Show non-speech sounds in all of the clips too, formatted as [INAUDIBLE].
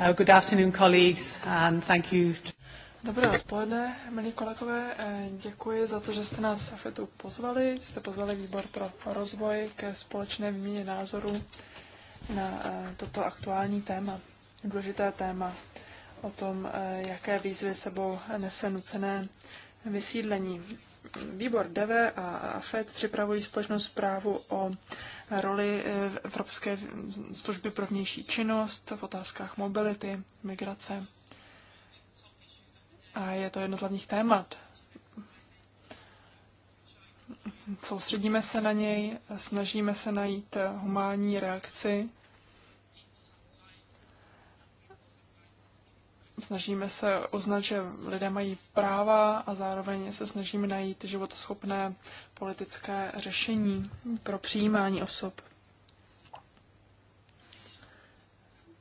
Uh, good afternoon, colleagues, and thank you. Dobré odpoledne, milí kolegové. Eh, děkuji za to, že jste nás FETu pozvali. Jste pozvali výbor pro rozvoj ke společné výměně názorů na eh, toto aktuální téma, důležité téma o tom, eh, jaké výzvy sebou nese nucené vysídlení. Výbor DEVE a FED připravují společnou zprávu o roli Evropské služby pro vnější činnost v otázkách mobility, migrace. A je to jedno z hlavních témat. Soustředíme se na něj, snažíme se najít humánní reakci snažíme se uznat, že lidé mají práva a zároveň se snažíme najít životoschopné politické řešení pro přijímání osob.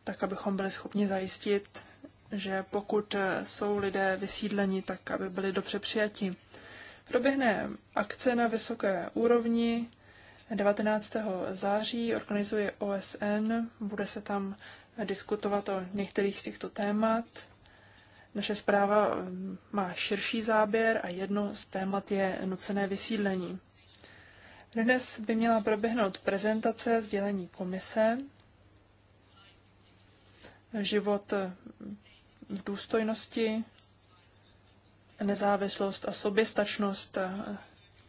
Tak, abychom byli schopni zajistit, že pokud jsou lidé vysídleni, tak aby byli dobře přijati. Proběhne akce na vysoké úrovni 19. září, organizuje OSN, bude se tam diskutovat o některých z těchto témat. Naše zpráva mm, má širší záběr a jedno z témat je nucené vysídlení. Dnes by měla proběhnout prezentace sdělení komise život mm, v důstojnosti, nezávislost a soběstačnost,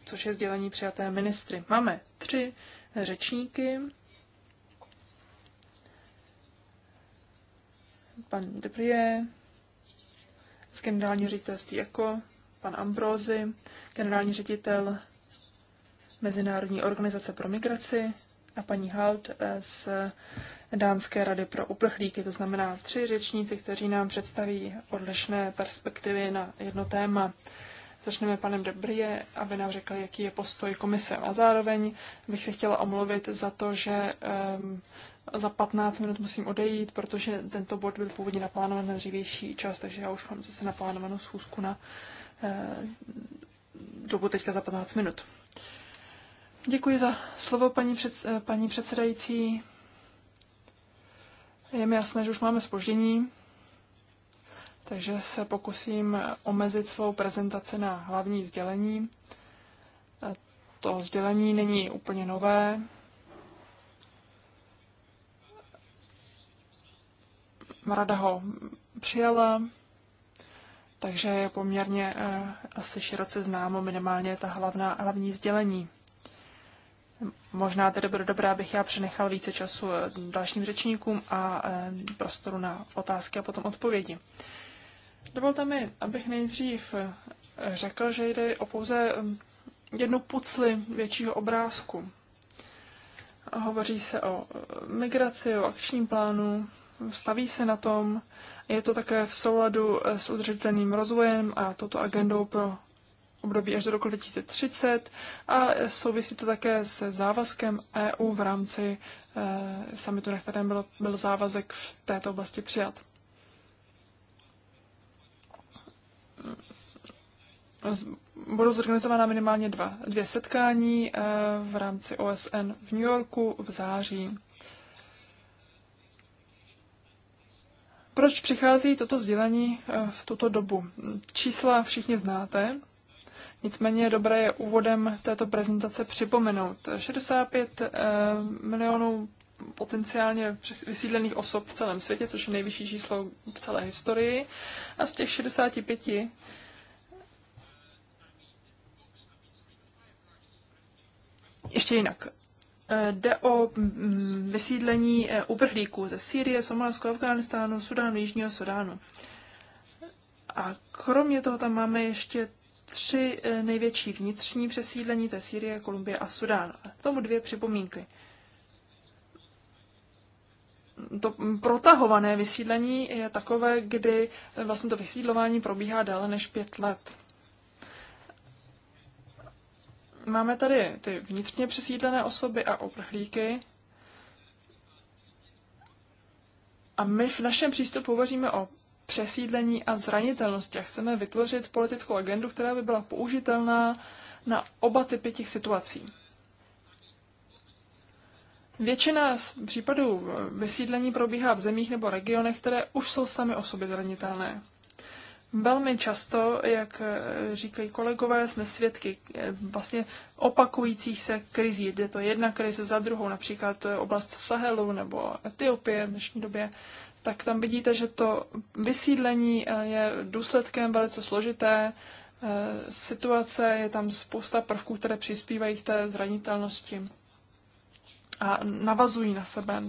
což je sdělení přijaté ministry. Máme tři řečníky. Pan Deprie, z generální ředitelství jako pan Ambrozy, generální ředitel Mezinárodní organizace pro migraci a paní Halt eh, z Dánské rady pro uprchlíky, to znamená tři řečníci, kteří nám představí odlišné perspektivy na jedno téma. Začneme panem Debrie, aby nám řekl, jaký je postoj komise. A zároveň bych se chtěla omluvit za to, že um, za 15 minut musím odejít, protože tento bod byl původně naplánovaný na dřívější čas, takže já už mám zase naplánovanou schůzku na eh, dobu teďka za 15 minut. Děkuji za slovo, paní, před, eh, paní předsedající. Je mi jasné, že už máme spoždění, takže se pokusím omezit svou prezentaci na hlavní sdělení. Eh, to sdělení není úplně nové, Marada ho přijala, takže je poměrně eh, asi široce známo minimálně ta hlavná, hlavní sdělení. Možná tedy bude dobré, abych já přenechal více času eh, dalším řečníkům a eh, prostoru na otázky a potom odpovědi. Dovolte mi, abych nejdřív řekl, že jde o pouze jednu pucli většího obrázku. Hovoří se o migraci, o akčním plánu, staví se na tom. Je to také v souladu eh, s udržitelným rozvojem a toto agendou pro období až do roku 2030 a eh, souvisí to také se závazkem EU v rámci eh, samitu, na kterém byl, byl závazek v této oblasti přijat. Budou zorganizována minimálně dva, dvě setkání eh, v rámci OSN v New Yorku v září. Proč přichází toto sdělení eh, v tuto dobu? Čísla všichni znáte, nicméně je dobré je úvodem této prezentace připomenout. 65 eh, milionů potenciálně vysídlených osob v celém světě, což je nejvyšší číslo v celé historii. A z těch 65 ještě jinak. Eh, jde o mm, vysídlení eh, uprchlíků ze Sýrie, Somálsko, Afganistánu, Sudánu, Jižního Sudánu. A kromě toho tam máme ještě tři eh, největší vnitřní přesídlení, to je Sýrie, Kolumbie a Sudán. A tomu dvě připomínky. To protahované vysídlení je takové, kdy vlastně to vysídlování probíhá déle než pět let. máme tady ty vnitřně přesídlené osoby a oprchlíky. A my v našem přístupu hovoříme o přesídlení a zranitelnosti a chceme vytvořit politickou agendu, která by byla použitelná na oba typy těch situací. Většina z případů vysídlení probíhá v zemích nebo regionech, které už jsou sami o sobě zranitelné. Velmi často, jak eh, říkají kolegové, jsme svědky eh, vlastně opakujících se krizí. Jde to jedna krize za druhou, například eh, oblast Sahelu nebo Etiopie v dnešní době. Tak tam vidíte, že to vysídlení je důsledkem velice složité situace, je tam spousta prvků, které přispívají k té zranitelnosti a navazují na sebe.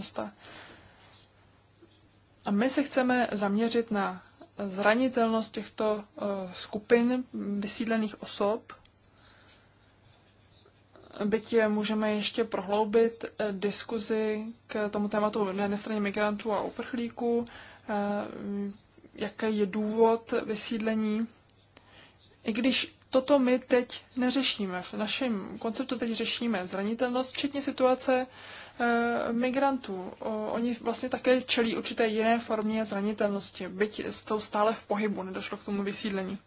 A my se chceme zaměřit na zranitelnost těchto eh, skupin vysídlených osob. Byť je můžeme ještě prohloubit eh, diskuzi k tomu tématu na jedné straně migrantů a uprchlíků, eh, jaký je důvod vysídlení. I když toto my teď neřešíme. V našem konceptu teď řešíme zranitelnost, včetně situace Eh, migrantů. Oni vlastně také čelí určité jiné formě zranitelnosti, byť tou stále v pohybu, nedošlo k tomu vysídlení.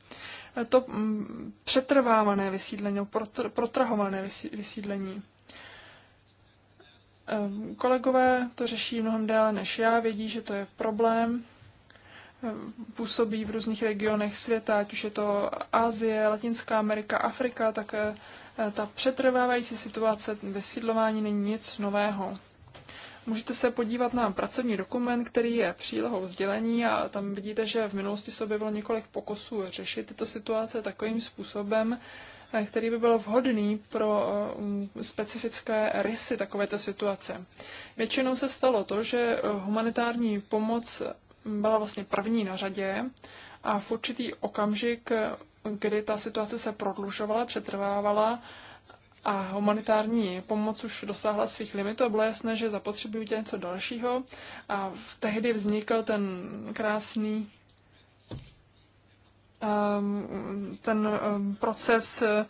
Eh, to mm, přetrvávané vysídlení, protrahované vysídlení. Kolegové to řeší mnohem déle než já, vědí, že to je problém působí v různých regionech světa, ať už je to Asie, Latinská Amerika, Afrika, tak eh, ta přetrvávající situace ve sídlování není nic nového. Můžete se podívat na pracovní dokument, který je přílohou sdělení a tam vidíte, že v minulosti se objevilo několik pokusů řešit tyto situace takovým způsobem, eh, který by byl vhodný pro eh, specifické rysy takovéto situace. Většinou se stalo to, že humanitární pomoc byla vlastně první na řadě a v určitý okamžik, kdy ta situace se prodlužovala, přetrvávala a humanitární pomoc už dosáhla svých limitů a bylo jasné, že zapotřebí udělat něco dalšího a v tehdy vznikl ten krásný ehm, ten ehm, proces eh,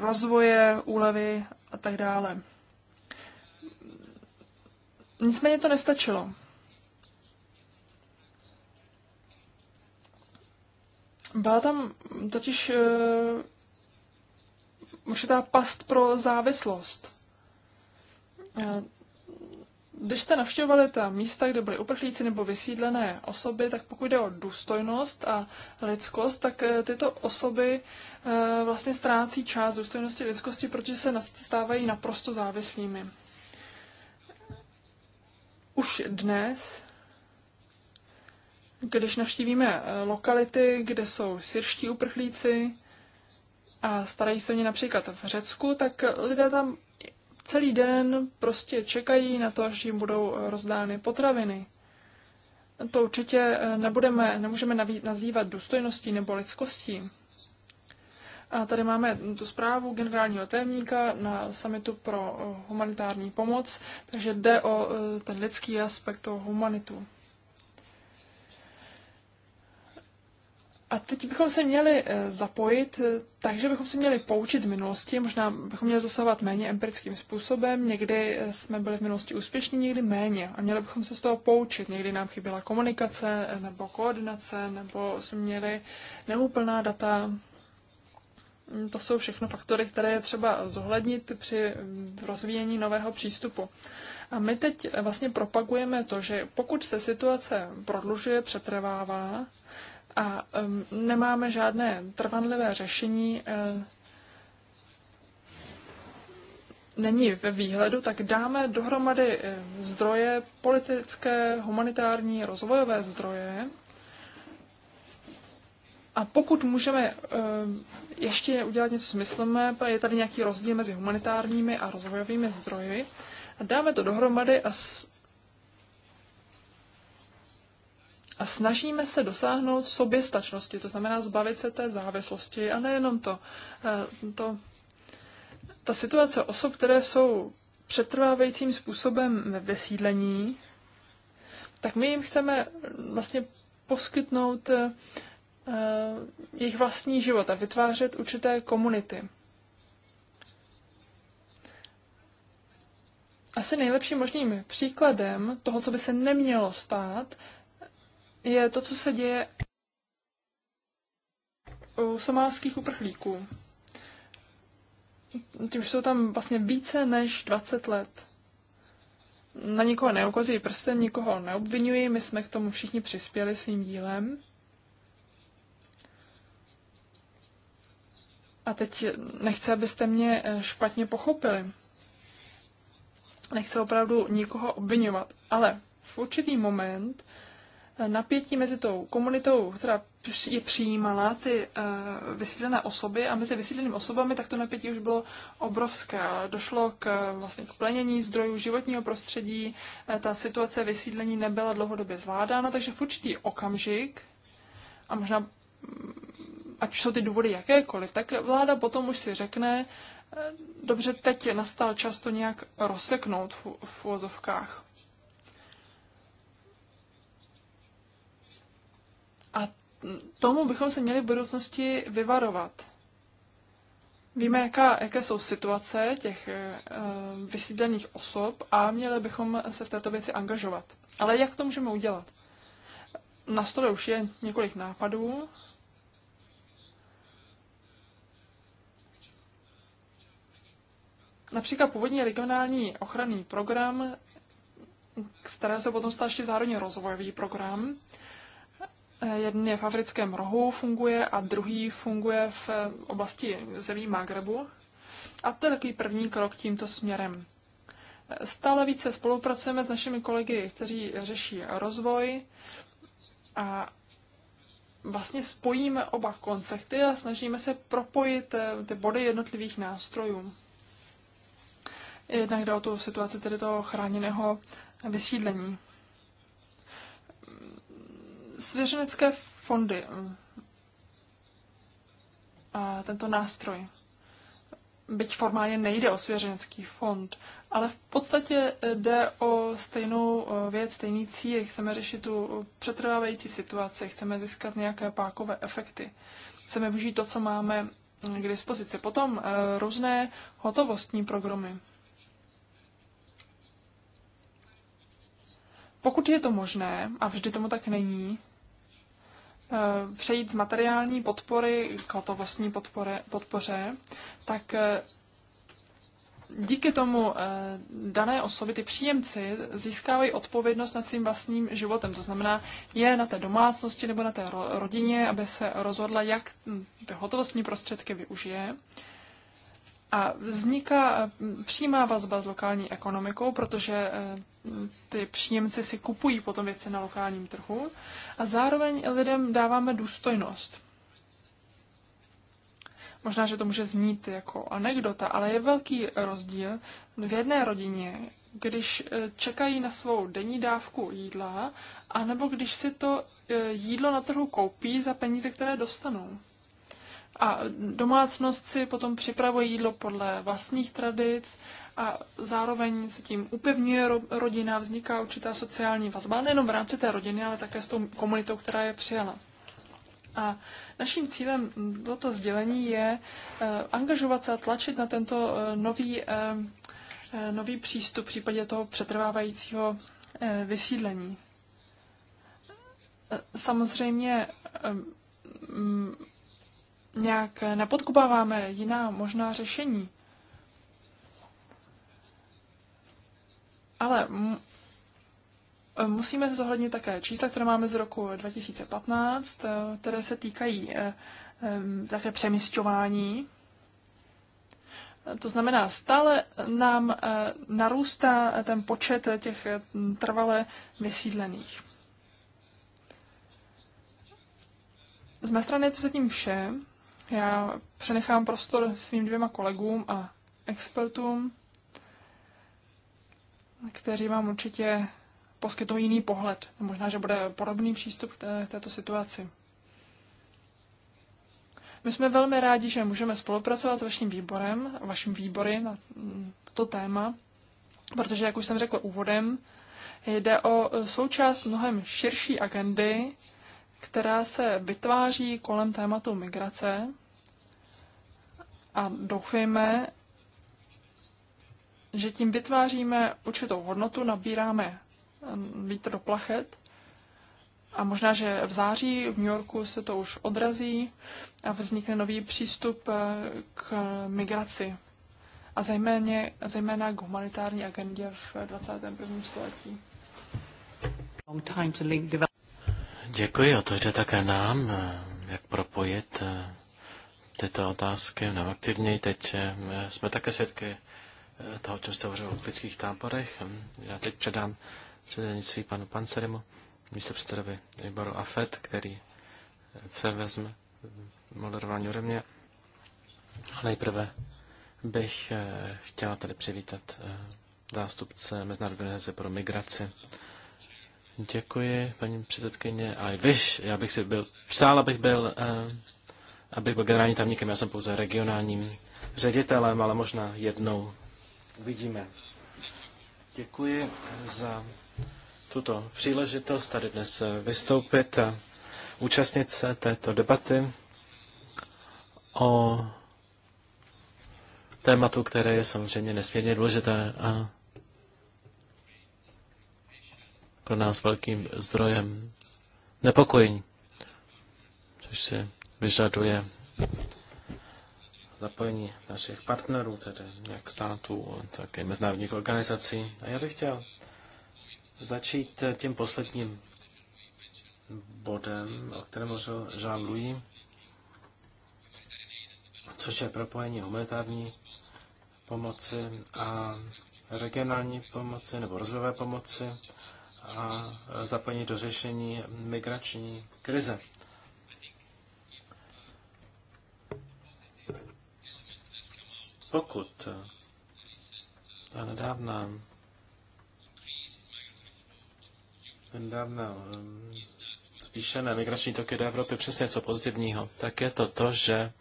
rozvoje, úlevy a tak dále. Nicméně to nestačilo. Byla tam totiž eh, určitá past pro závislost. Eh, když jste navštěvovali ta místa, kde byly uprchlíci nebo vysídlené osoby, tak pokud jde o důstojnost a lidskost, tak eh, tyto osoby vlastně ztrácí část důstojnosti lidskosti, protože se stávají naprosto závislými. Už dnes když navštívíme eh, lokality, kde jsou syrští uprchlíci a starají se o ně například v Řecku, tak eh, lidé tam celý den prostě čekají na to, až jim budou eh, rozdány potraviny. To určitě nebudeme, nemůžeme nazývat důstojností nebo lidskostí. A tady máme tu zprávu generálního témníka na samitu pro humanitární pomoc, takže jde o ten lidský aspekt, o humanitu. A teď bychom se měli eh, zapojit, eh, takže bychom se měli poučit z minulosti, možná bychom měli zasahovat méně empirickým způsobem, někdy eh, jsme byli v minulosti úspěšní, někdy méně a měli bychom se z toho poučit. Někdy nám chyběla komunikace nebo koordinace, nebo jsme měli neúplná data. Mm, to jsou všechno faktory, které je třeba zohlednit při mm, rozvíjení nového přístupu. A my teď vlastně propagujeme to, že pokud se situace prodlužuje, přetrvává, a um, nemáme žádné trvanlivé řešení. Uh, není ve výhledu, tak dáme dohromady eh, zdroje politické, humanitární, rozvojové zdroje. A pokud můžeme eh, ještě udělat něco smyslné, je tady nějaký rozdíl mezi humanitárními a rozvojovými zdroji, a dáme to dohromady a s, A snažíme se dosáhnout soběstačnosti, to znamená zbavit se té závislosti. A nejenom to, eh, to ta situace osob, které jsou přetrvávajícím způsobem ve vysídlení, tak my jim chceme vlastně poskytnout eh, eh, jejich vlastní život a vytvářet určité komunity. Asi nejlepším možným příkladem toho, co by se nemělo stát, je to, co se děje u somálských uprchlíků. Ty už jsou tam vlastně více než 20 let. Na nikoho neukazují prstem, nikoho neobvinují, my jsme k tomu všichni přispěli svým dílem. A teď nechci, abyste mě eh, špatně pochopili. Nechci opravdu nikoho obvinovat, ale v určitý moment napětí mezi tou komunitou, která je přijímala ty uh, vysídlené osoby a mezi vysídlenými osobami, tak to napětí už bylo obrovské. Došlo k, vlastně, k plenění zdrojů životního prostředí, eh, ta situace vysídlení nebyla dlouhodobě zvládána, takže v určitý okamžik, a možná mm, ať jsou ty důvody jakékoliv, tak vláda potom už si řekne, eh, dobře, teď nastal čas to nějak rozseknout v, v tomu bychom se měli v budoucnosti vyvarovat. Víme, jaká, jaké jsou situace těch e, vysídlených osob a měli bychom se v této věci angažovat. Ale jak to můžeme udělat? Na stole už je několik nápadů. Například původní regionální ochranný program, které se potom stal ještě zároveň rozvojový program, Eh, jeden je v africkém rohu funguje a druhý funguje v eh, oblasti zemí Magrebu. A to je takový první krok tímto směrem. Eh, stále více spolupracujeme s našimi kolegy, kteří řeší rozvoj a vlastně spojíme oba koncepty a snažíme se propojit ty body jednotlivých nástrojů. Jednak jde o tu situaci tedy toho chráněného vysídlení. Svěřenecké fondy eh, a tento nástroj. Byť formálně nejde o svěřenecký fond, ale v podstatě jde o stejnou eh, věc, stejný cíl. Chceme řešit tu přetrvávající situaci, chceme získat nějaké pákové efekty, chceme využít to, co máme k dispozici. Potom eh, různé hotovostní programy. Pokud je to možné, a vždy tomu tak není, Eh, přejít z materiální podpory k hotovostní podpore, podpoře, tak eh, díky tomu eh, dané osoby, ty příjemci, získávají odpovědnost nad svým vlastním životem. To znamená, je na té domácnosti nebo na té rodině, aby se rozhodla, jak hm, ty hotovostní prostředky využije. A vzniká eh, přímá vazba s lokální ekonomikou, protože eh, ty příjemci si kupují potom věci na lokálním trhu a zároveň lidem dáváme důstojnost. Možná, že to může znít jako anekdota, ale je velký rozdíl v jedné rodině, když eh, čekají na svou denní dávku jídla, anebo když si to jídlo na trhu koupí za peníze, které dostanou. A domácnost si potom připravuje jídlo podle vlastních tradic a zároveň se tím upevňuje rodina, vzniká určitá sociální vazba, nejenom v rámci té rodiny, ale také s tou komunitou, která je přijala. A naším cílem toto sdělení je eh, angažovat se a tlačit na tento eh, nový, eh, nový přístup v případě toho přetrvávajícího vysídlení. Samozřejmě nějak nepodkubáváme jiná možná řešení. Ale musíme zohlednit také čísla, které máme z roku 2015, eh, které se týkají eh, také přemysťování. To znamená, stále nám eh, narůstá ten počet těch trvale vysídlených. Z mé strany je to zatím vše. Já přenechám prostor svým dvěma kolegům a expertům, kteří vám určitě poskytnou jiný pohled. Možná, že bude podobný přístup k té, této situaci. My jsme velmi rádi, že můžeme spolupracovat s vaším výborem, vaším výbory na to téma, protože, jak už jsem řekla úvodem, jde o součást mnohem širší agendy, která se vytváří kolem tématu migrace a doufejme, že tím vytváříme určitou hodnotu, nabíráme eh, vítr do plachet a možná, že v září v New Yorku se to už odrazí a vznikne nový přístup eh, k migraci a zejména, zejména k humanitární agendě v 21. století. Děkuji, a to jde také nám, eh, jak propojit této otázky mnohem aktivněji. Teď eh, jsme také svědky eh, toho, o čem jste hovořil o klických táborech. Já teď předám předsednictví panu Panserimu, místo předsedovi výboru AFED, který eh, se vezme moderování ode mě. A nejprve bych chtěla tady přivítat zástupce Mezinárodní organizace pro migraci. Děkuji, paní předsedkyně. A víš, já bych si byl, přál, abych byl abych byl generálním tajemníkem, já jsem pouze regionálním ředitelem, ale možná jednou uvidíme. Děkuji za tuto příležitost tady dnes eh, vystoupit a účastnit se této debaty o tématu, které je samozřejmě nesmírně důležité a pro nás velkým zdrojem nepokojení, což si vyžaduje zapojení našich partnerů, tedy jak států, tak i mezinárodních organizací. A já bych chtěl začít tím posledním bodem, o kterém mluvil Jean-Louis, což je propojení humanitární pomoci a regionální pomoci nebo rozvojové pomoci a zapojení do řešení migrační krize. Pokud ta ten nedávna zvýšené migrační toky do Evropy přes něco pozitivního, tak je to to, že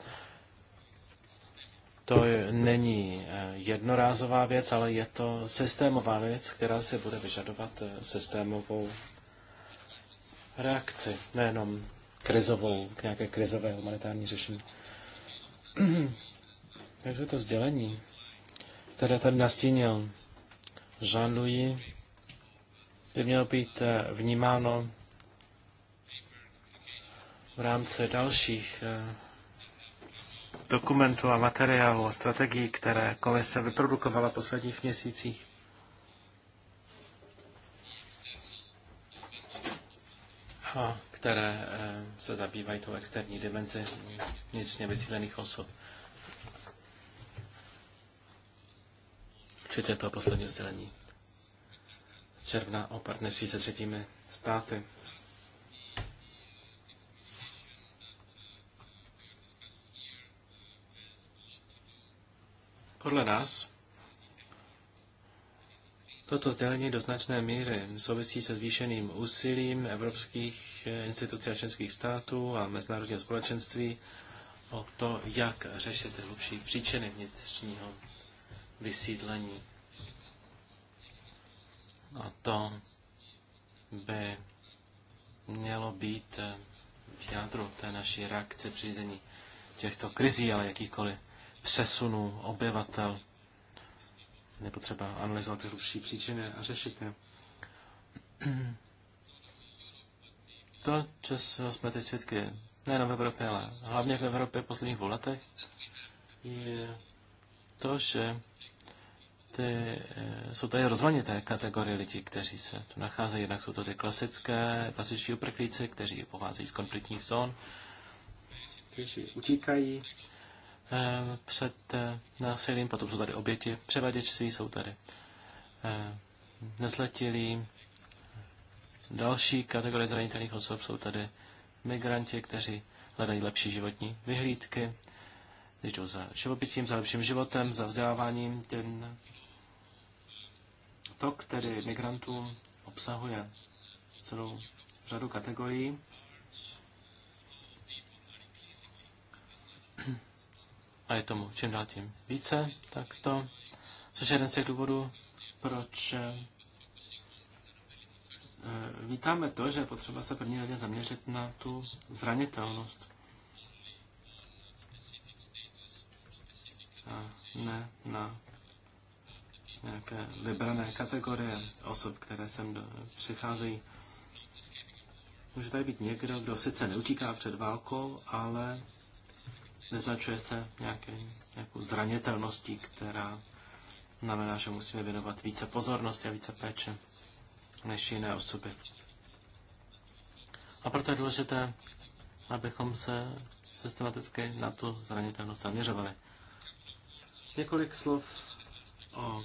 to není eh, jednorázová věc, ale je to systémová věc, která si bude vyžadovat eh, systémovou reakci, nejenom krizovou, k nějaké krizové humanitární řešení. [CLEARS THROAT] Takže to sdělení, které tady nastínil jean by mělo být eh, vnímáno v rámci dalších eh, dokumentů a materiálů a strategií, které komise vyprodukovala v posledních měsících. A které eh, se zabývají tou externí dimenzi vnitřně vysílených osob. včetně toho posledního sdělení června o partnerství se třetími státy. Podle nás toto sdělení do značné míry souvisí se zvýšeným úsilím evropských institucí a členských států a mezinárodního společenství o to, jak řešit hlubší příčiny vnitřního vysídlení. A to by mělo být v jádru té naší reakce přízení těchto krizí, ale jakýchkoliv přesunů obyvatel. Nepotřeba analyzovat ty hlubší příčiny a řešit je. [CLEARS THROAT] To, co jsme teď svědky, nejen v Evropě, ale hlavně v Evropě v posledních dvou letech, je to, že ty, eh, jsou tady rozmanité kategorie lidí, kteří se tu nacházejí. Jednak jsou to ty klasické, klasičtí uprchlíci, kteří pocházejí z konfliktních zón, kteří utíkají eh, před eh, násilím, potom jsou tady oběti převaděčství, jsou tady nezletilí. Další kategorie zranitelných osob jsou tady migranti, kteří hledají lepší životní vyhlídky, když jdou za živobytím, za lepším životem, za vzděláváním, ten Tok tedy migrantů obsahuje celou řadu kategorií. A je tomu čím dál tím více, tak to, což je jeden z těch důvodů, proč eh, vítáme to, že je potřeba se první radě zaměřit na tu zranitelnost. A ne na nějaké vybrané kategorie osob, které sem do, přicházejí. Může tady být někdo, kdo sice neutíká před válkou, ale vyznačuje se nějaké, nějakou zranitelností, která znamená, že musíme věnovat více pozornosti a více péče než jiné osoby. A proto je důležité, abychom se systematicky na tu zranitelnost zaměřovali. Několik slov o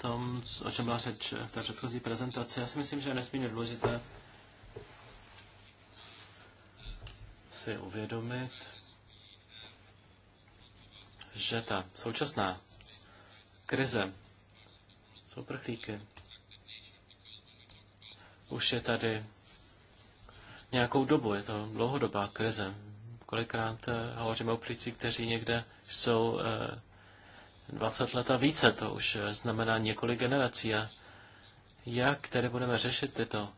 tom, o čem byla řeč v eh, té předchozí prezentaci. Já si myslím, že je nesmírně důležité si uvědomit, že ta současná krize jsou prchlíky. už je tady nějakou dobu, je to dlouhodobá krize. Kolikrát eh, hovoříme o plíci, kteří někde jsou eh, 20 let a více, to už znamená několik generací. A jak tedy budeme řešit tyto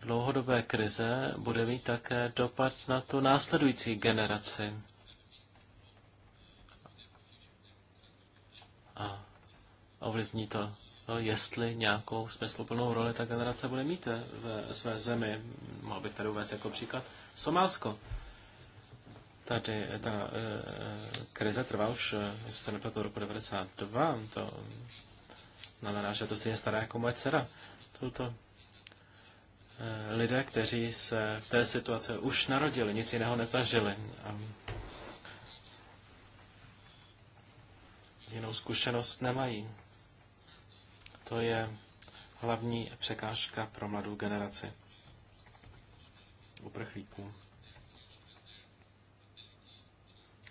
dlouhodobé krize, bude mít také dopad na tu následující generaci. A ovlivní to, no, jestli nějakou smysluplnou roli ta generace bude mít ve své zemi. Mohl bych tady uvést jako příklad Somálsko. Tady eh, ta eh, krize trvá už, eh, jestli se nepletu, roku 92. To znamená, že to stejně stará jako moje dcera. Tuto lidé, kteří se v té situaci už narodili, nic jiného nezažili. A jinou zkušenost nemají. To je hlavní překážka pro mladou generaci uprchlíků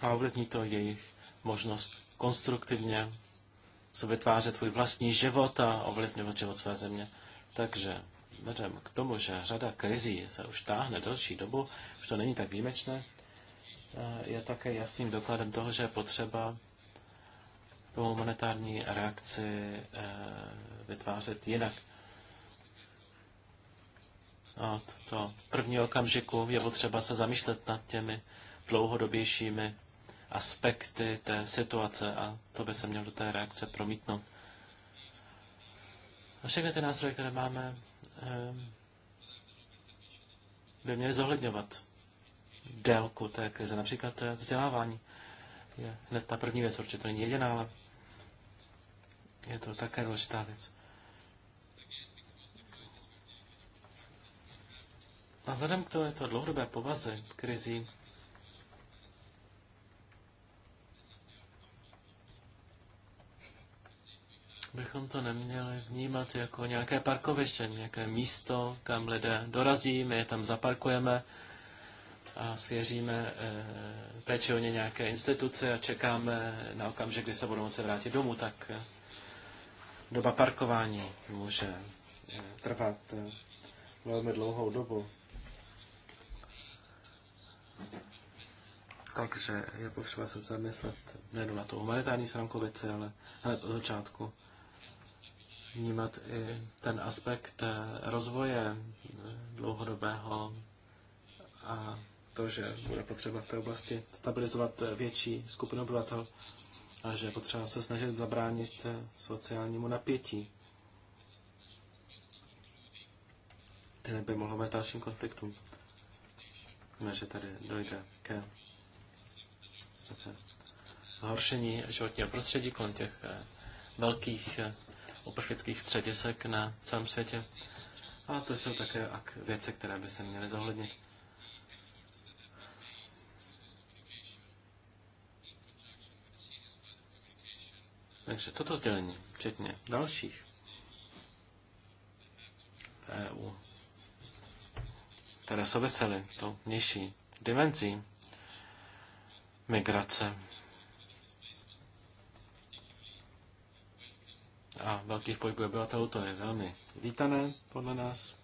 a ovlivní to jejich možnost konstruktivně se vytvářet svůj vlastní život a ovlivňovat život své země. Takže vedem k tomu, že řada krizí se už táhne delší dobu, už to není tak výjimečné, je také jasným dokladem toho, že je potřeba tomu monetární reakci e, vytvářet jinak. Od toho prvního okamžiku je potřeba se zamýšlet nad těmi dlouhodobějšími aspekty té situace a to by se mělo do té reakce promítnout. A všechny ty nástroje, které máme, eh, by měly zohledňovat délku té krize. Například eh, vzdělávání je hned ta první věc, určitě to není jediná, ale je to také důležitá věc. A vzhledem k tomu je to dlouhodobé povazy krizí, bychom to neměli vnímat jako nějaké parkoviště, nějaké místo, kam lidé dorazí, my je tam zaparkujeme a svěříme e, péči o ně nějaké instituce a čekáme na okamžik, kdy se budou moci vrátit domů, tak eh, doba parkování může eh, trvat velmi dlouhou dobu. Takže je potřeba se zamyslet nejen na tu humanitární stránku věci, ale hned od začátku vnímat i ten aspekt eh, rozvoje eh, dlouhodobého a to, že bude potřeba v té oblasti stabilizovat eh, větší skupinu obyvatel a že je potřeba se snažit zabránit sociálnímu napětí, které by mohlo vést dalším konfliktům. Víme, že tady dojde ke, zhoršení horšení životního prostředí kolem těch velkých uprchlických středisek na celém světě. A to jsou také věci, které by se měly zohlednit. Takže toto sdělení, včetně dalších v EU, které souvisely tou nižší dimenzí migrace, a velkých pohybů obyvatelů, to je velmi vítané podle nás.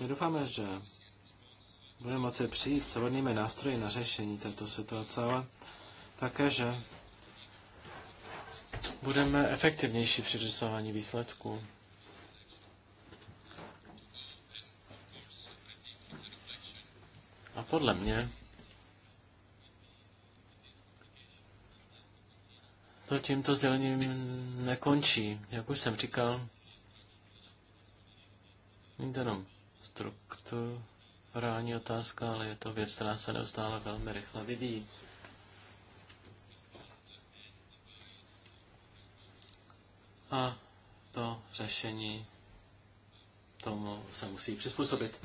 My doufáme, že budeme moci přijít s vhodnými nástroji na řešení této situace, ale také, že budeme efektivnější při řizování výsledků. A podle mě to tímto sdělením nekončí. Jak už jsem říkal, není to jenom strukturální otázka, ale je to věc, která se neustále velmi rychle vyvíjí. A to řešení tomu se musí přizpůsobit.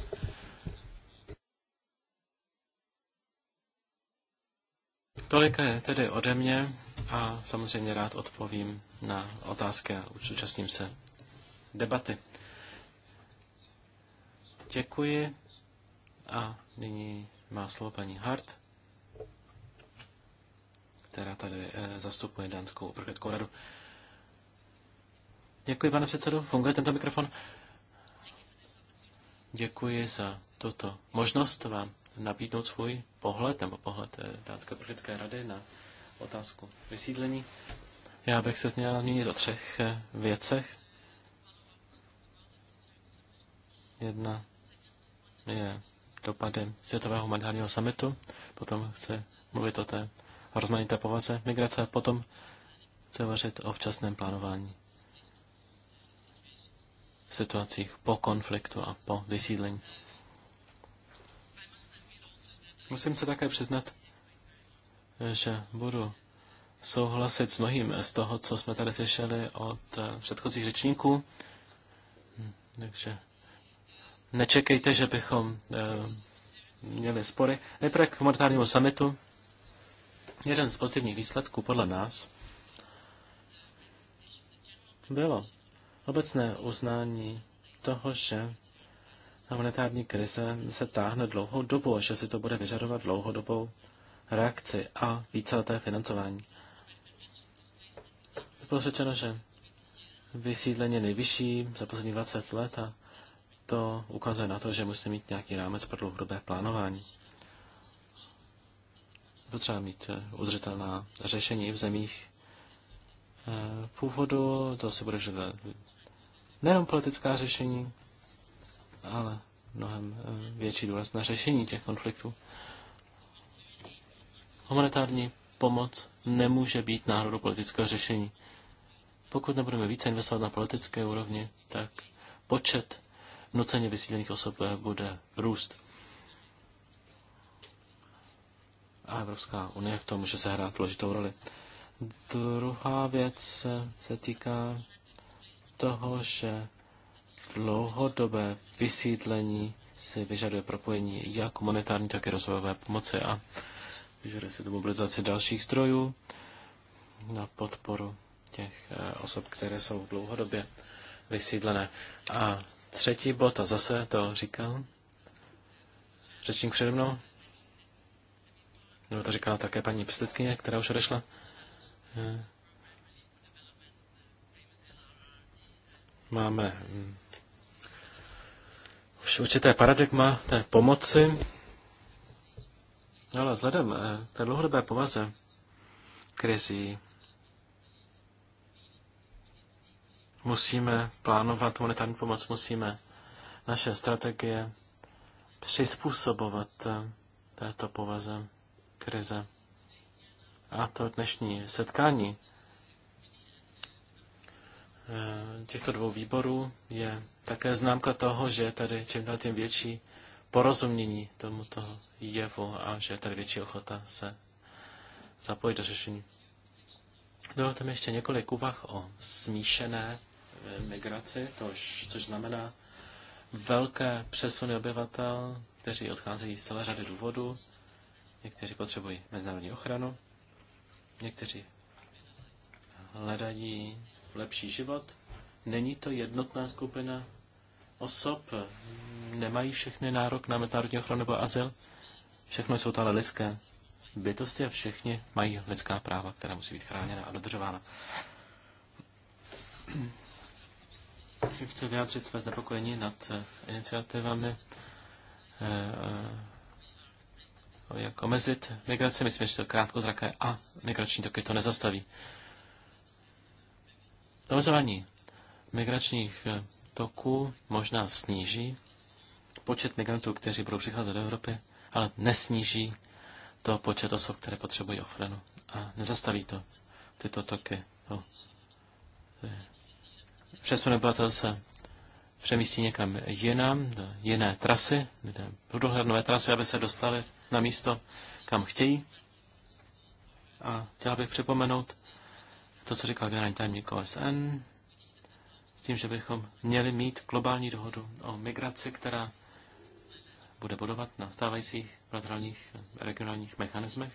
Tolik je tedy ode mě a samozřejmě rád odpovím na otázky a účastním se debaty. Děkuji a nyní má slovo paní Hart, která tady eh, zastupuje Danskou uprchlickou radu. Děkuji, pane předsedo. Funguje tento mikrofon? Děkuji za tuto možnost vám nabídnout svůj pohled nebo pohled eh, Dánské politické rady na otázku vysídlení. Já bych se měl nyní o třech eh, věcech. Jedna je dopady Světového humanitárního samitu, potom chci mluvit o té rozmanité povaze migrace, potom chci hovořit o včasném plánování v situacích po konfliktu a po vysídlení. Musím se také přiznat, že budu souhlasit s mnohým z toho, co jsme tady slyšeli od eh, předchozích řečníků. Hm, takže nečekejte, že bychom eh, měli spory. Nejprve k humanitárnímu summitu. Jeden z pozitivních výsledků podle nás bylo obecné uznání toho, že ta monetární krize se táhne dlouhou dobu a že si to bude vyžadovat dlouhodobou reakci a víceleté financování. Bylo řečeno, že vysídlení nejvyšší za poslední 20 let a to ukazuje na to, že musíme mít nějaký rámec pro dlouhodobé plánování. Potřeba mít eh, udržitelná řešení v zemích eh, původu, to se bude žádat nejenom politická řešení, ale mnohem eh, větší důraz na řešení těch konfliktů. Humanitární pomoc nemůže být náhodou politického řešení. Pokud nebudeme více investovat na politické úrovni, tak počet nuceně vysílených osob eh, bude růst. A Evropská unie v tom může sehrát důležitou roli. Druhá věc eh, se týká toho, že dlouhodobé vysídlení si vyžaduje propojení jak humanitární, tak i rozvojové pomoci a vyžaduje si mobilizaci dalších zdrojů na podporu těch eh, osob, které jsou dlouhodobě vysídlené. A třetí bod, a zase to říkal řečník přede mnou, nebo to říkala také paní předsedkyně, která už odešla, eh, máme hm, určité paradigma té pomoci, ale vzhledem eh, té dlouhodobé povaze krizí musíme plánovat monetární pomoc, musíme naše strategie přizpůsobovat eh, této povaze krize. A to dnešní setkání těchto dvou výborů je také známka toho, že je tady čím dál tím větší porozumění tomuto jevu a že je tady větší ochota se zapojit do řešení. Dovolte mi ještě několik úvah o smíšené eh, migraci, tož, což znamená velké přesuny obyvatel, kteří odcházejí z celé řady důvodů. Někteří potřebují mezinárodní ochranu, někteří hledají lepší život. Není to jednotná skupina osob, nemají všechny nárok na mezinárodní ochranu nebo azyl. Všechno jsou to ale lidské bytosti a všichni mají lidská práva, která musí být chráněna a dodržována. Chci vyjádřit své znepokojení nad eh, iniciativami eh, eh, jak omezit migraci. Myslím, že to zraké a migrační toky to nezastaví. Omezování migračních eh, toků možná sníží počet migrantů, kteří budou přicházet do Evropy, ale nesníží to počet osob, které potřebují ochranu. A nezastaví to tyto toky. No. Eh, přesun obyvatel se přemístí někam jinam, do jiné trasy, do budou nové trasy, aby se dostali na místo, kam chtějí. A chtěl bych připomenout, to, co říkal generální tajemník OSN, s tím, že bychom měli mít globální dohodu o migraci, která bude budovat na stávajících bilaterálních regionálních mechanismech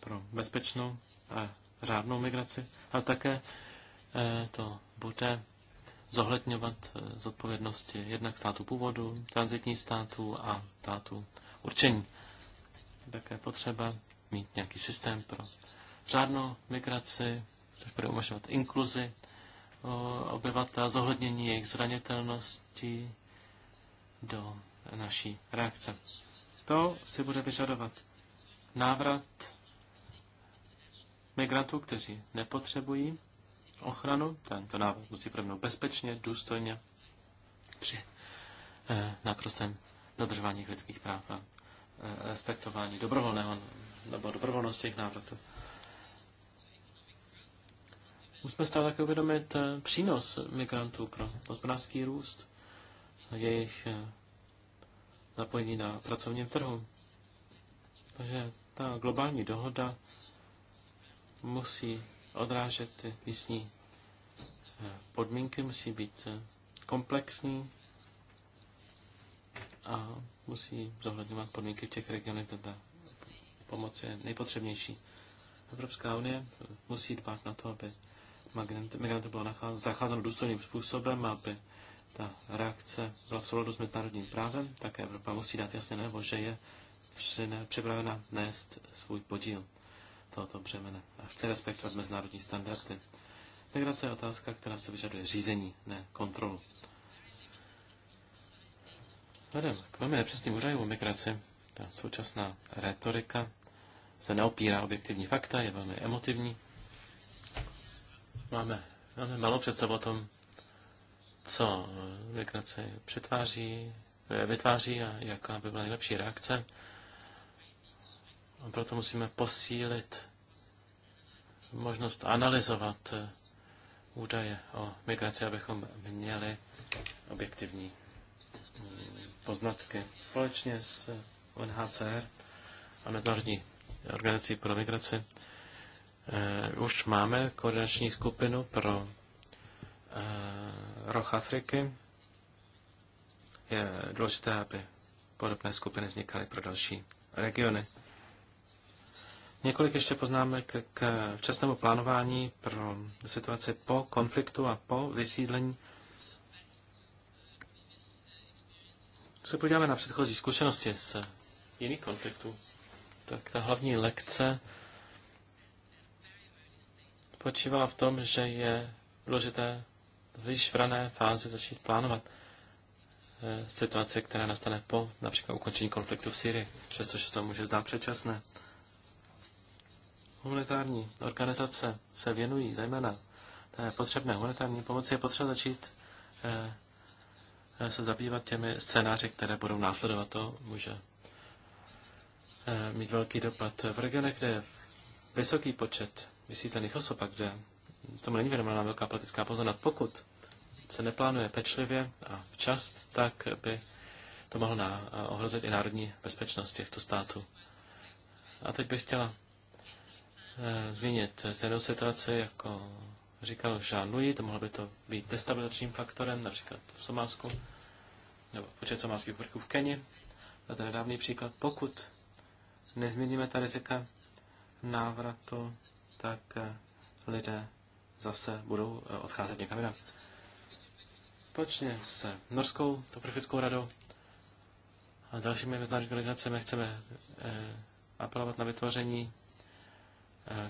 pro bezpečnou a řádnou migraci, ale také eh, to bude zohledňovat eh, zodpovědnosti jednak státu původu, transitní států a států určení. Také potřeba mít nějaký systém pro řádnou migraci, což bude umožňovat inkluzi obyvatel, zohlednění jejich zranitelností do naší reakce. To si bude vyžadovat návrat migrantů, kteří nepotřebují ochranu. Tento návrat musí proběhnout bezpečně, důstojně, při eh, naprostém dodržování lidských práv a eh, respektování dobrovolného nebo dobrovolnosti jejich návratu. Musíme stále také uvědomit eh, přínos migrantů pro hospodářský růst jejich zapojení eh, na pracovním trhu. Takže ta globální dohoda musí odrážet místní eh, podmínky, musí být komplexní a musí zohledňovat podmínky v těch regionech, kde ta pomoc je nejpotřebnější. Evropská unie musí dbát na to, aby migranty bylo zacházeno důstojným způsobem, aby ta reakce byla v souladu s mezinárodním právem, tak Evropa musí dát jasně najevo, že je připravena nést svůj podíl tohoto břemene a chce respektovat mezinárodní standardy. Migrace je otázka, která se vyžaduje řízení, ne kontrolu. Vzhledem k velmi nepřesným údajům o migraci, ta současná retorika se neopírá objektivní fakta, je velmi emotivní Máme, máme malou představu o tom, co migraci přetváří, eh, vytváří a jaká by byla nejlepší reakce. A proto musíme posílit možnost analyzovat eh, údaje o migraci, abychom měli objektivní mm, poznatky. Společně s UNHCR a Mezinárodní organizací pro migraci Eh, už máme koordinační skupinu pro eh, roh Afriky. Je důležité, aby podobné skupiny vznikaly pro další regiony. Několik ještě poznámek k včasnému plánování pro situaci po konfliktu a po vysídlení. Když se podíváme na předchozí zkušenosti z jiných konfliktů, tak ta hlavní lekce spočívala v tom, že je důležité v již v rané fázi začít plánovat eh, situace, která nastane po například ukončení konfliktu v Syrii, přestože se to může zdát předčasné. Humanitární organizace se věnují zejména té potřebné humanitární pomoci. Je potřeba začít eh, eh, se zabývat těmi scénáři, které budou následovat. To může mít velký dopad. V regionech, kde je vysoký počet vysvětlených osob, a kde tomu není věnována velká politická pozornost. Pokud se neplánuje pečlivě a včas, tak by to mohlo na, ohrozit i národní bezpečnost těchto států. A teď bych chtěla e, zmínit stejnou situaci, jako říkal Jean Louis, to mohlo by to být destabilizačním faktorem, například v Somálsku, nebo počet somálských uprchlíků v Keni. To je nedávný příklad. Pokud nezměníme ta rizika návratu tak eh, lidé zase budou eh, odcházet někam jinam. Počně s Norskou uprchlickou radou a dalšími mezinárodními organizacemi chceme eh, apelovat na vytvoření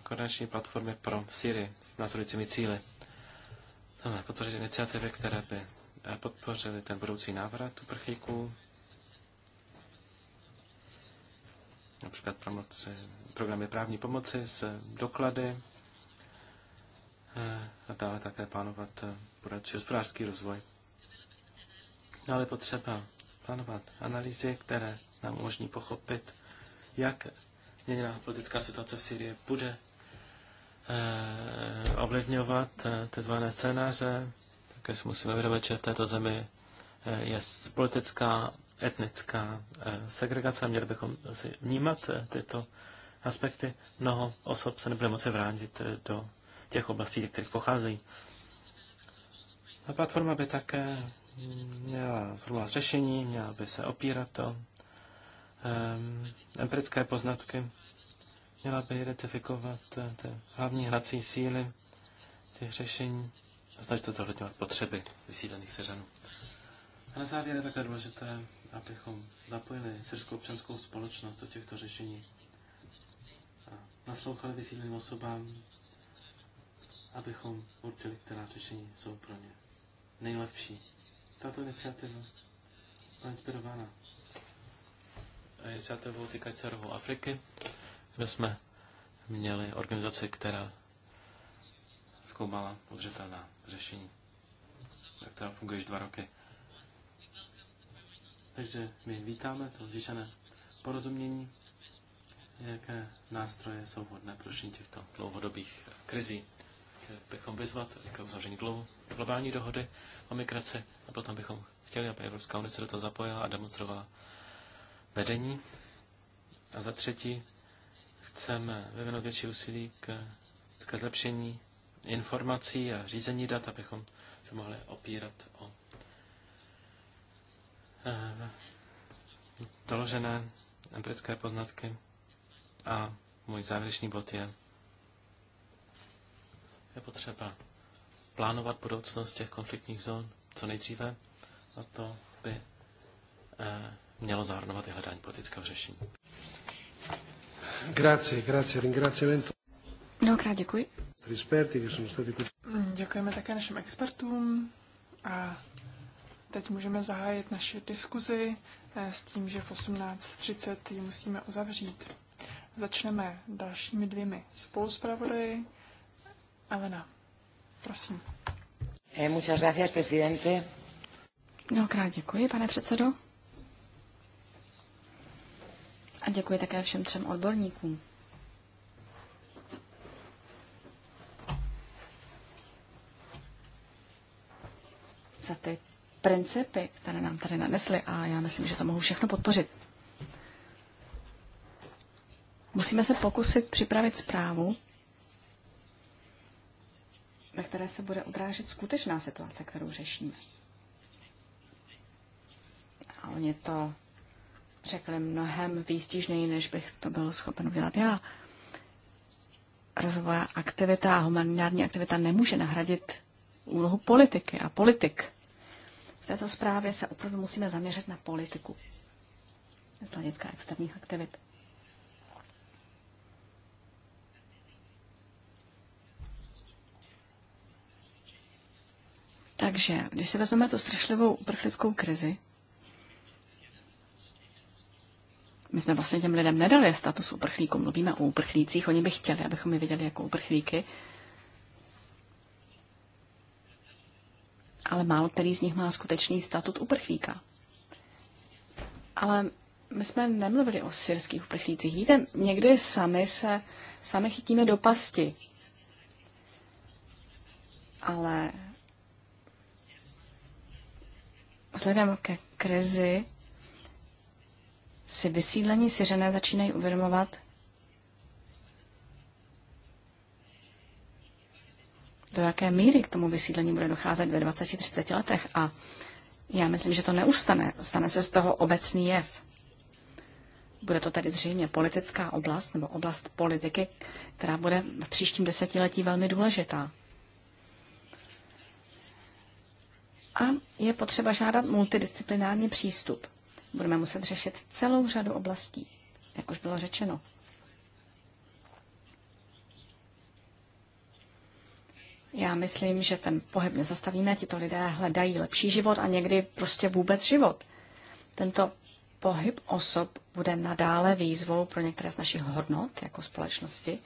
koordinační platformy pro Syrii s následujícími cíly. podpořit iniciativy, které by podpořily ten budoucí návrat uprchlíků, například pomoci, programy právní pomoci s doklady eh, a dále také plánovat eh, poradčí hospodářský rozvoj. Ale potřeba plánovat analýzy, které nám umožní pochopit, jak měněná politická situace v Syrii bude eh, ovlivňovat tzv. scénáře. Také si musíme uvědomit, že v této zemi je politická etnická eh, segregace. Měli bychom si vnímat eh, tyto aspekty. Mnoho osob se nebude moci vrátit eh, do těch oblastí, ze kterých pocházejí. Ta platforma by také měla formulovat řešení, měla by se opírat o um, empirické poznatky, měla by identifikovat ty hlavní hrací síly těch řešení a snažit to zohledňovat potřeby vysídlených seřanů. A na závěr je také důležité abychom zapojili syrskou občanskou společnost do těchto řešení a naslouchali vysílným osobám, abychom určili, která řešení jsou pro ně nejlepší. Tato iniciativa byla inspirována iniciativou týkající se rohu Afriky, kde jsme měli organizaci, která zkoumala udržitelná řešení, která funguje již dva roky. Takže my vítáme to zvýšené porozumění, jaké nástroje jsou vhodné pro řešení těchto dlouhodobých krizí. Chtěli bychom vyzvat k uzavření globální dohody o migraci a potom bychom chtěli, aby Evropská unie se do toho zapojila a demonstrovala vedení. A za třetí, chceme vyvinout větší úsilí k, k zlepšení informací a řízení dat, abychom se mohli opírat o Eh, doložené empirické poznatky a můj závěrečný bod je, je potřeba plánovat budoucnost těch konfliktních zón co nejdříve a to by eh, mělo zahrnovat i hledání politického řešení. Grazie, grazie, ringraziamento. Mnohokrát děkuji. Děkujeme také našim expertům a Teď můžeme zahájit naši diskuzi eh, s tím, že v 18.30 ji musíme uzavřít. Začneme dalšími dvěmi spoluspravodaji. Elena, prosím. Eh, muchas gracias, presidente. Mnohokrát děkuji, pane předsedo. A děkuji také všem třem odborníkům. za teď principy, které nám tady nanesly a já myslím, že to mohu všechno podpořit. Musíme se pokusit připravit zprávu, ve které se bude odrážet skutečná situace, kterou řešíme. A oni to řekli mnohem výstižněji, než bych to byl schopen udělat já. Rozvojová aktivita a humanitární aktivita nemůže nahradit úlohu politiky a politik. V této zprávě se opravdu musíme zaměřit na politiku z hlediska externích aktivit. Takže, když si vezmeme tu strašlivou uprchlickou krizi, my jsme vlastně těm lidem nedali status uprchlíků. Mluvíme o uprchlících, oni by chtěli, abychom je viděli jako uprchlíky, ale málo který z nich má skutečný statut uprchlíka. Ale my jsme nemluvili o syrských uprchlících. Víte, někdy sami se sami chytíme do pasti. Ale vzhledem ke krizi si vysídlení Syřané začínají uvědomovat, do jaké míry k tomu vysídlení bude docházet ve 20-30 letech. A já myslím, že to neustane. Stane se z toho obecný jev. Bude to tedy zřejmě politická oblast nebo oblast politiky, která bude v příštím desetiletí velmi důležitá. A je potřeba žádat multidisciplinární přístup. Budeme muset řešit celou řadu oblastí, jak už bylo řečeno. Já myslím, že ten pohyb nezastavíme, tito lidé hledají lepší život a někdy prostě vůbec život. Tento pohyb osob bude nadále výzvou pro některé z našich hodnot jako společnosti,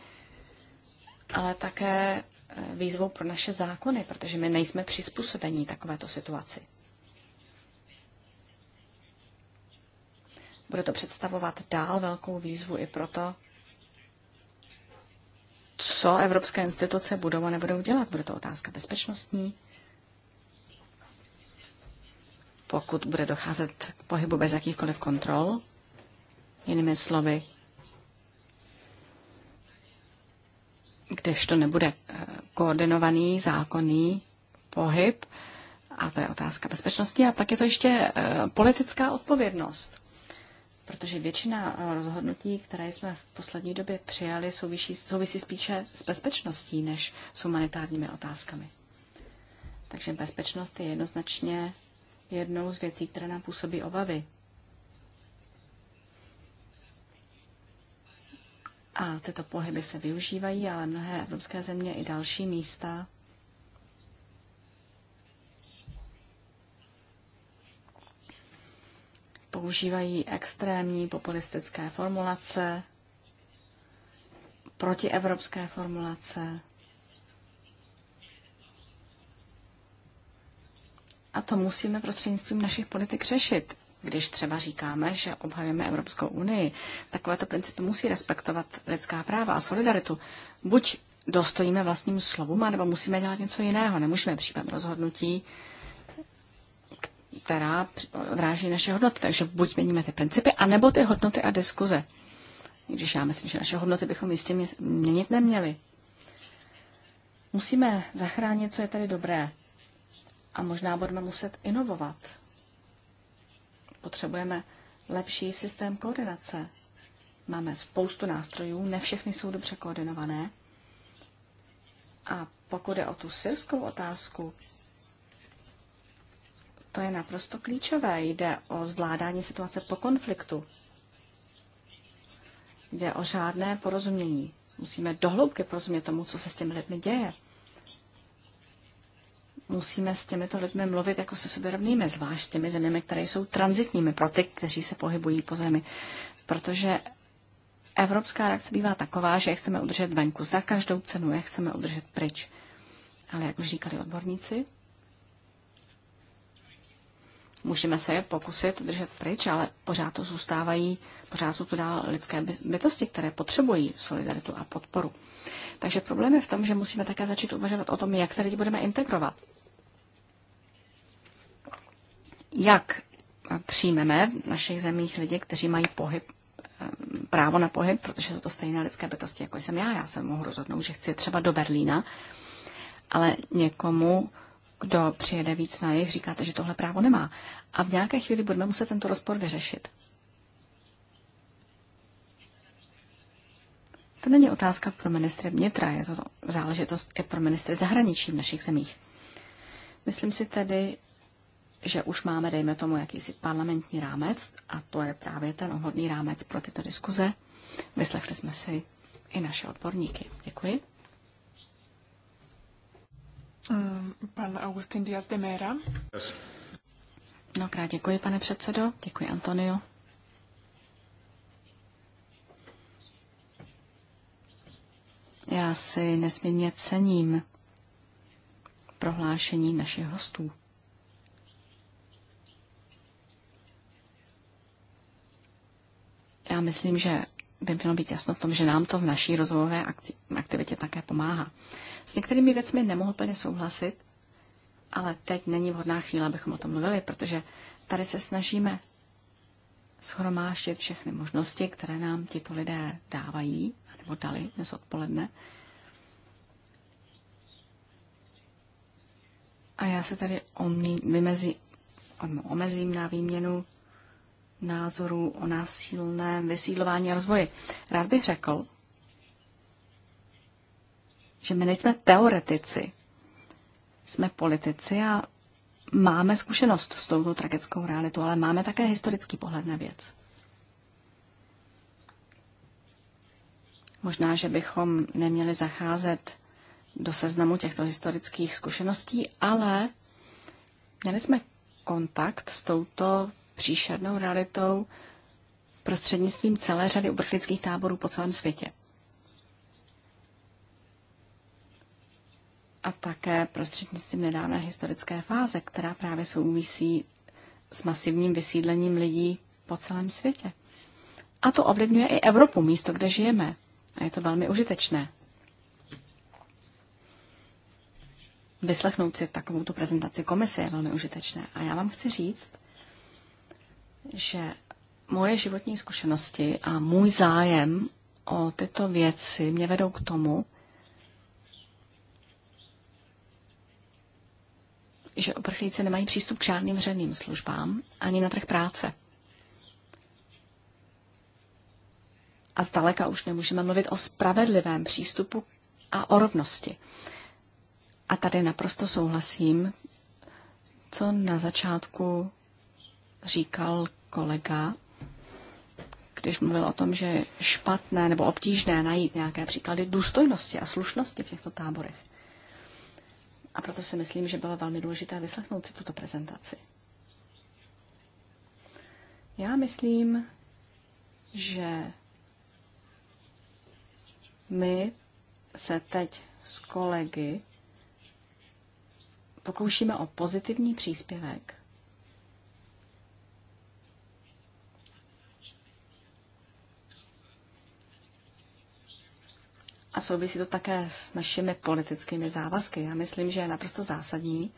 ale také eh, výzvou pro naše zákony, protože my nejsme přizpůsobení takovéto situaci. Bude to představovat dál velkou výzvu i proto, co evropské instituce budou a nebudou dělat. Bude to otázka bezpečnostní. Pokud bude docházet k pohybu bez jakýchkoliv kontrol, jinými slovy, kdežto nebude eh, koordinovaný, zákonný pohyb, a to je otázka bezpečnosti, a pak je to ještě eh, politická odpovědnost protože většina eh, rozhodnutí, které jsme v poslední době přijali, souvisí, souvisí spíše s bezpečností než s humanitárními otázkami. Takže bezpečnost je jednoznačně jednou z věcí, které nám působí obavy. A tyto pohyby se využívají, ale mnohé evropské země i další místa používají extrémní populistické formulace, protievropské formulace. A to musíme prostřednictvím našich politik řešit. Když třeba říkáme, že obhajujeme Evropskou unii, takovéto principy musí respektovat lidská práva a solidaritu. Buď dostojíme vlastním slovům, nebo musíme dělat něco jiného. Nemůžeme případ rozhodnutí, která odráží naše hodnoty. Takže buď měníme ty principy, anebo ty hodnoty a diskuze. Když já myslím, že naše hodnoty bychom jistě měnit neměli. Musíme zachránit, co je tady dobré. A možná budeme muset inovovat. Potřebujeme lepší systém koordinace. Máme spoustu nástrojů, ne všechny jsou dobře koordinované. A pokud je o tu syrskou otázku, to je naprosto klíčové. Jde o zvládání situace po konfliktu. Jde o žádné porozumění. Musíme dohloubky porozumět tomu, co se s těmi lidmi děje. Musíme s těmito lidmi mluvit jako se sobě rovnými, zvlášť s těmi zeměmi, které jsou transitními pro ty, kteří se pohybují po zemi. Protože evropská reakce bývá taková, že je chceme udržet venku za každou cenu, je chceme udržet pryč. Ale jak už říkali odborníci, Můžeme se je pokusit držet pryč, ale pořád to zůstávají, pořád jsou to dál lidské bytosti, které potřebují solidaritu a podporu. Takže problém je v tom, že musíme také začít uvažovat o tom, jak tady budeme integrovat. Jak přijmeme v našich zemích lidi, kteří mají pohyb, eh, právo na pohyb, protože jsou to stejné lidské bytosti, jako jsem já. Já se mohu rozhodnout, že chci třeba do Berlína, ale někomu kdo přijede víc na jejich, říkáte, že tohle právo nemá. A v nějaké chvíli budeme muset tento rozpor vyřešit. To není otázka pro ministry vnitra, je to záležitost i pro ministry zahraničí v našich zemích. Myslím si tedy, že už máme, dejme tomu, jakýsi parlamentní rámec a to je právě ten ohodný rámec pro tyto diskuze. Vyslechli jsme si i naše odborníky. Děkuji. Eh, pan Augustin Díaz de Mera. Mnohokrát děkuji, pane předsedo. Děkuji, Antonio. Já si nesmírně cením prohlášení našich hostů. Já myslím, že by mělo být jasno v tom, že nám to v naší rozvojové aktivitě také pomáhá. S některými věcmi nemohu plně souhlasit, ale teď není vhodná chvíle, abychom o tom mluvili, protože tady se snažíme schromáštit všechny možnosti, které nám tito lidé dávají, nebo dali dnes odpoledne. A já se tady omí, vymezi, omezím na výměnu názorů o násilném vysídlování a rozvoji. Rád bych řekl, že my nejsme teoretici, jsme politici a máme zkušenost s touto tragickou realitou, ale máme také historický pohled na věc. Možná, že bychom neměli zacházet do seznamu těchto historických zkušeností, ale měli jsme kontakt s touto příšernou realitou prostřednictvím celé řady uprchlických táborů po celém světě. A také prostřednictvím nedávné historické fáze, která právě souvisí s masivním vysídlením lidí po celém světě. A to ovlivňuje i Evropu, místo, kde žijeme. A je to velmi užitečné. Vyslechnout si takovou tu prezentaci komise je velmi užitečné. A já vám chci říct, že moje životní zkušenosti a můj zájem o tyto věci mě vedou k tomu, že oprchlíci nemají přístup k žádným řeným službám ani na trh práce. A zdaleka už nemůžeme mluvit o spravedlivém přístupu a o rovnosti. A tady naprosto souhlasím, co na začátku říkal kolega, když mluvil o tom, že je špatné nebo obtížné najít nějaké příklady důstojnosti a slušnosti v těchto táborech. A proto si myslím, že bylo velmi důležité vyslechnout si tuto prezentaci. Já myslím, že my se teď s kolegy pokoušíme o pozitivní příspěvek A souvisí to také s našimi politickými závazky. Já myslím, že je naprosto zásadní,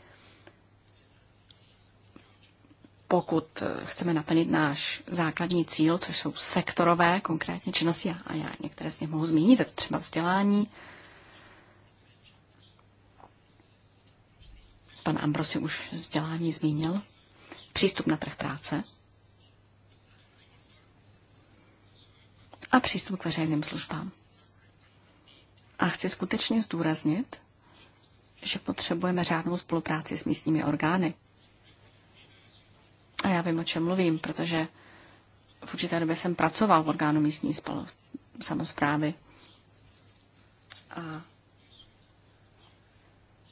pokud chceme naplnit náš základní cíl, což jsou sektorové konkrétně činnosti, a já některé z nich mohu zmínit, třeba vzdělání. Pan Ambrosi už vzdělání zmínil. Přístup na trh práce. A přístup k veřejným službám. A chci skutečně zdůraznit, že potřebujeme řádnou spolupráci s místními orgány. A já vím, o čem mluvím, protože v určité době jsem pracoval v orgánu místní spolu, samozprávy. A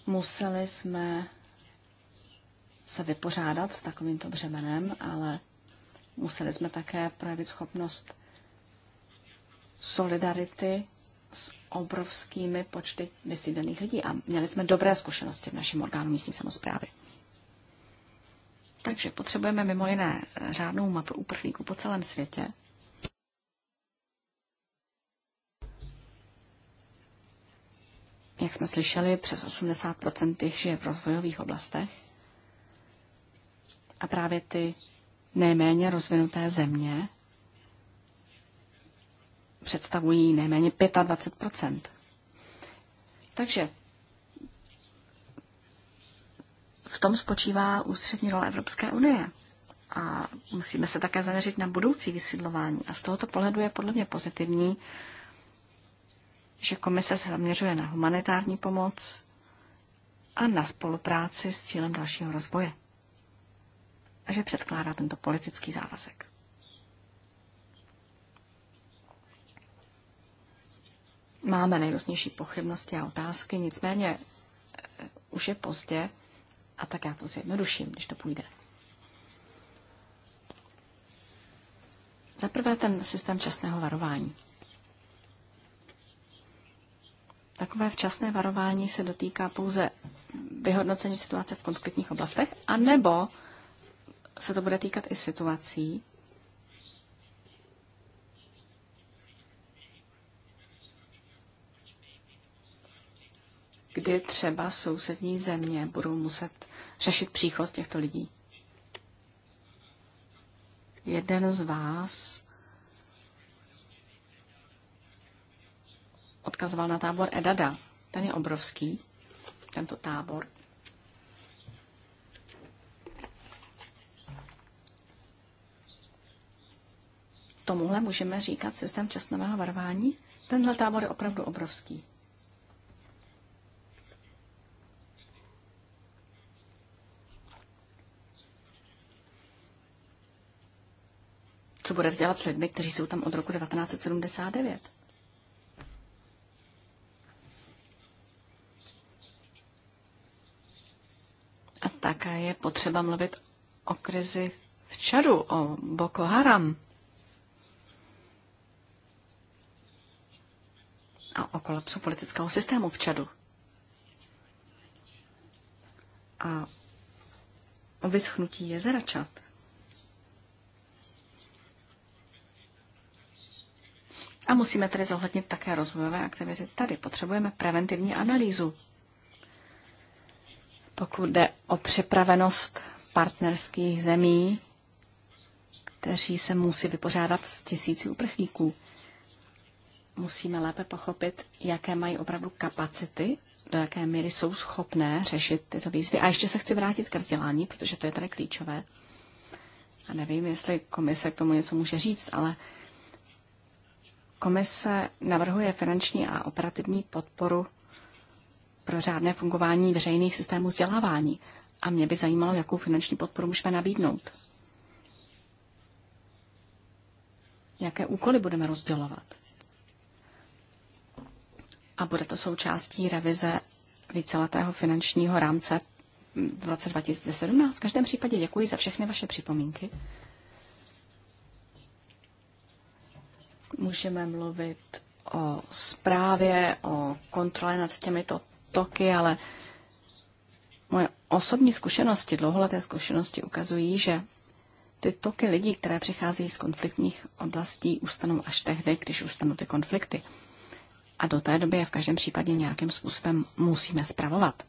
museli jsme se vypořádat s takovýmto břemenem, ale museli jsme také projevit schopnost solidarity s obrovskými počty vysídlených lidí a měli jsme dobré zkušenosti v našem orgánu místní samozprávy. Takže potřebujeme mimo jiné řádnou mapu uprchlíků po celém světě. Jak jsme slyšeli, přes 80 těch žije v rozvojových oblastech. A právě ty nejméně rozvinuté země představují nejméně 25 Takže v tom spočívá ústřední role Evropské unie. A musíme se také zaměřit na budoucí vysídlování. A z tohoto pohledu je podle mě pozitivní, že komise se zaměřuje na humanitární pomoc a na spolupráci s cílem dalšího rozvoje. A že předkládá tento politický závazek. Máme nejrůznější pochybnosti a otázky, nicméně eh, už je pozdě a tak já to zjednoduším, když to půjde. Zaprvé ten systém časného varování. Takové včasné varování se dotýká pouze vyhodnocení situace v konkrétních oblastech, anebo se to bude týkat i situací, kdy třeba sousední země budou muset řešit příchod těchto lidí. Jeden z vás odkazoval na tábor Edada. Ten je obrovský, tento tábor. Tomuhle můžeme říkat systém časnového varování? Tenhle tábor je opravdu obrovský. budete dělat s lidmi, kteří jsou tam od roku 1979? A také je potřeba mluvit o krizi v Čadu, o Boko Haram a o kolapsu politického systému v Čadu. A o vyschnutí jezera Čad. A musíme tedy zohlednit také rozvojové aktivity tady. Potřebujeme preventivní analýzu. Pokud jde o připravenost partnerských zemí, kteří se musí vypořádat s tisíci uprchlíků, musíme lépe pochopit, jaké mají opravdu kapacity, do jaké míry jsou schopné řešit tyto výzvy. A ještě se chci vrátit k vzdělání, protože to je tady klíčové. A nevím, jestli komise k tomu něco může říct, ale Komise navrhuje finanční a operativní podporu pro řádné fungování veřejných systémů vzdělávání. A mě by zajímalo, jakou finanční podporu můžeme nabídnout. Jaké úkoly budeme rozdělovat? A bude to součástí revize víceletého finančního rámce v roce 2017. V každém případě děkuji za všechny vaše připomínky Můžeme mluvit o zprávě, o kontrole nad těmito toky, ale moje osobní zkušenosti, dlouholeté zkušenosti ukazují, že ty toky lidí, které přicházejí z konfliktních oblastí, ustanou až tehdy, když ustanou ty konflikty. A do té doby je v každém případě nějakým způsobem musíme spravovat.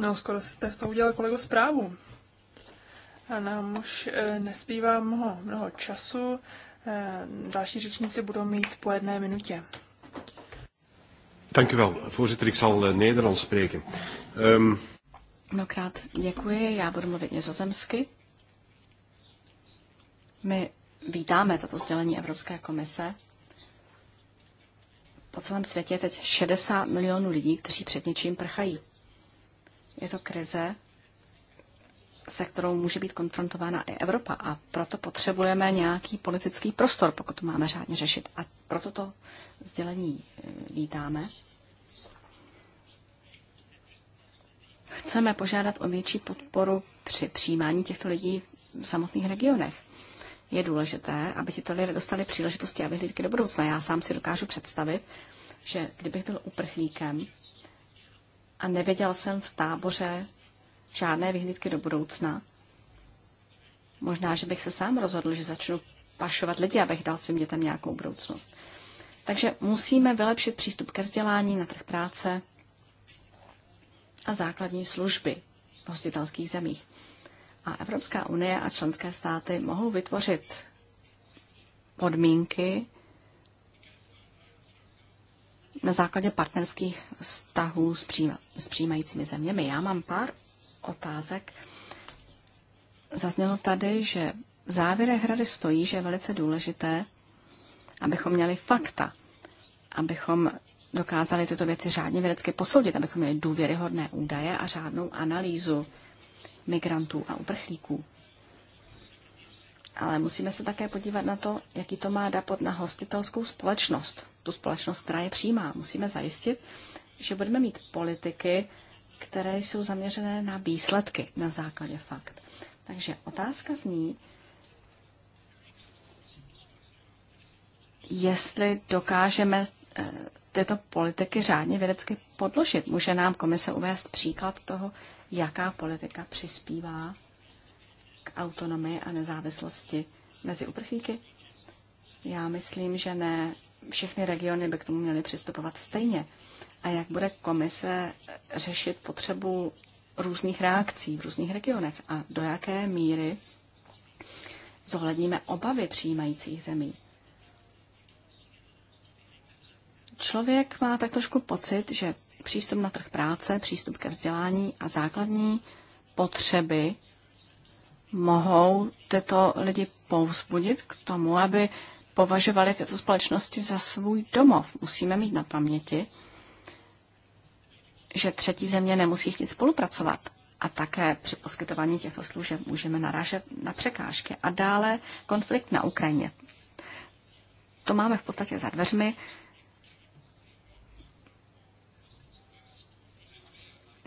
No, skoro jste z toho udělal kolego zprávu. A nám už e, eh, nespívá mnoho, mnoho času. Eh, další řečníci budou mít po jedné minutě. Dank u wel, voorzitter. Ik zal uh, Nederlands spreken. Um... Mnohokrát děkuji, já budu mluvit nizozemsky. My vítáme tato sdělení Evropské komise. Po celém světě je teď 60 milionů lidí, kteří před něčím prchají. Je to krize, se kterou může být konfrontována i Evropa a proto potřebujeme nějaký politický prostor, pokud to máme řádně řešit. A proto to sdělení eh, vítáme. Chceme požádat o větší podporu při přijímání těchto lidí v samotných regionech. Je důležité, aby to lidé dostali příležitosti a vyhlídky do budoucna. Já sám si dokážu představit, že kdybych byl uprchlíkem a nevěděl jsem v táboře, žádné vyhlídky do budoucna. Možná, že bych se sám rozhodl, že začnu pašovat lidi, abych dal svým dětem nějakou budoucnost. Takže musíme vylepšit přístup ke vzdělání na trh práce a základní služby v hostitelských zemích. A Evropská unie a členské státy mohou vytvořit podmínky na základě partnerských vztahů s, přijíma, s přijímajícími zeměmi. Já mám pár otázek. Zaznělo tady, že v závěrech rady stojí, že je velice důležité, abychom měli fakta, abychom dokázali tyto věci řádně vědecky posoudit, abychom měli důvěryhodné údaje a řádnou analýzu migrantů a uprchlíků. Ale musíme se také podívat na to, jaký to má dopad na hostitelskou společnost, tu společnost, která je přijímá. Musíme zajistit, že budeme mít politiky, které jsou zaměřené na výsledky na základě fakt. Takže otázka zní, jestli dokážeme eh, tyto politiky řádně vědecky podložit. Může nám komise uvést příklad toho, jaká politika přispívá k autonomii a nezávislosti mezi uprchlíky? Já myslím, že ne všechny regiony by k tomu měly přistupovat stejně a jak bude komise řešit potřebu různých reakcí v různých regionech a do jaké míry zohledníme obavy přijímajících zemí. Člověk má tak trošku pocit, že přístup na trh práce, přístup ke vzdělání a základní potřeby mohou tyto lidi povzbudit k tomu, aby považovali tyto společnosti za svůj domov. Musíme mít na paměti, že třetí země nemusí chtít spolupracovat. A také při poskytování těchto služeb můžeme narážet na překážky. A dále konflikt na Ukrajině. To máme v podstatě za dveřmi.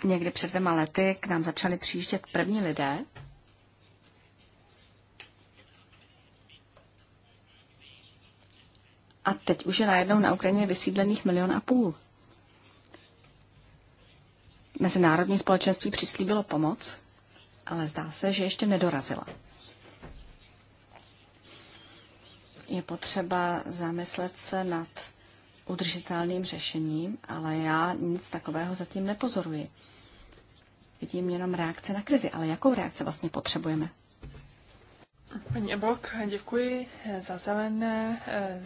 Někdy před dvěma lety k nám začali přijíždět první lidé, A teď už je najednou na Ukrajině vysídlených milion a půl mezinárodní společenství přislíbilo pomoc, ale zdá se, že ještě nedorazila. Je potřeba zamyslet se nad udržitelným řešením, ale já nic takového zatím nepozoruji. Vidím jenom reakce na krizi, ale jakou reakci vlastně potřebujeme? Paní Ebok, děkuji za zelené.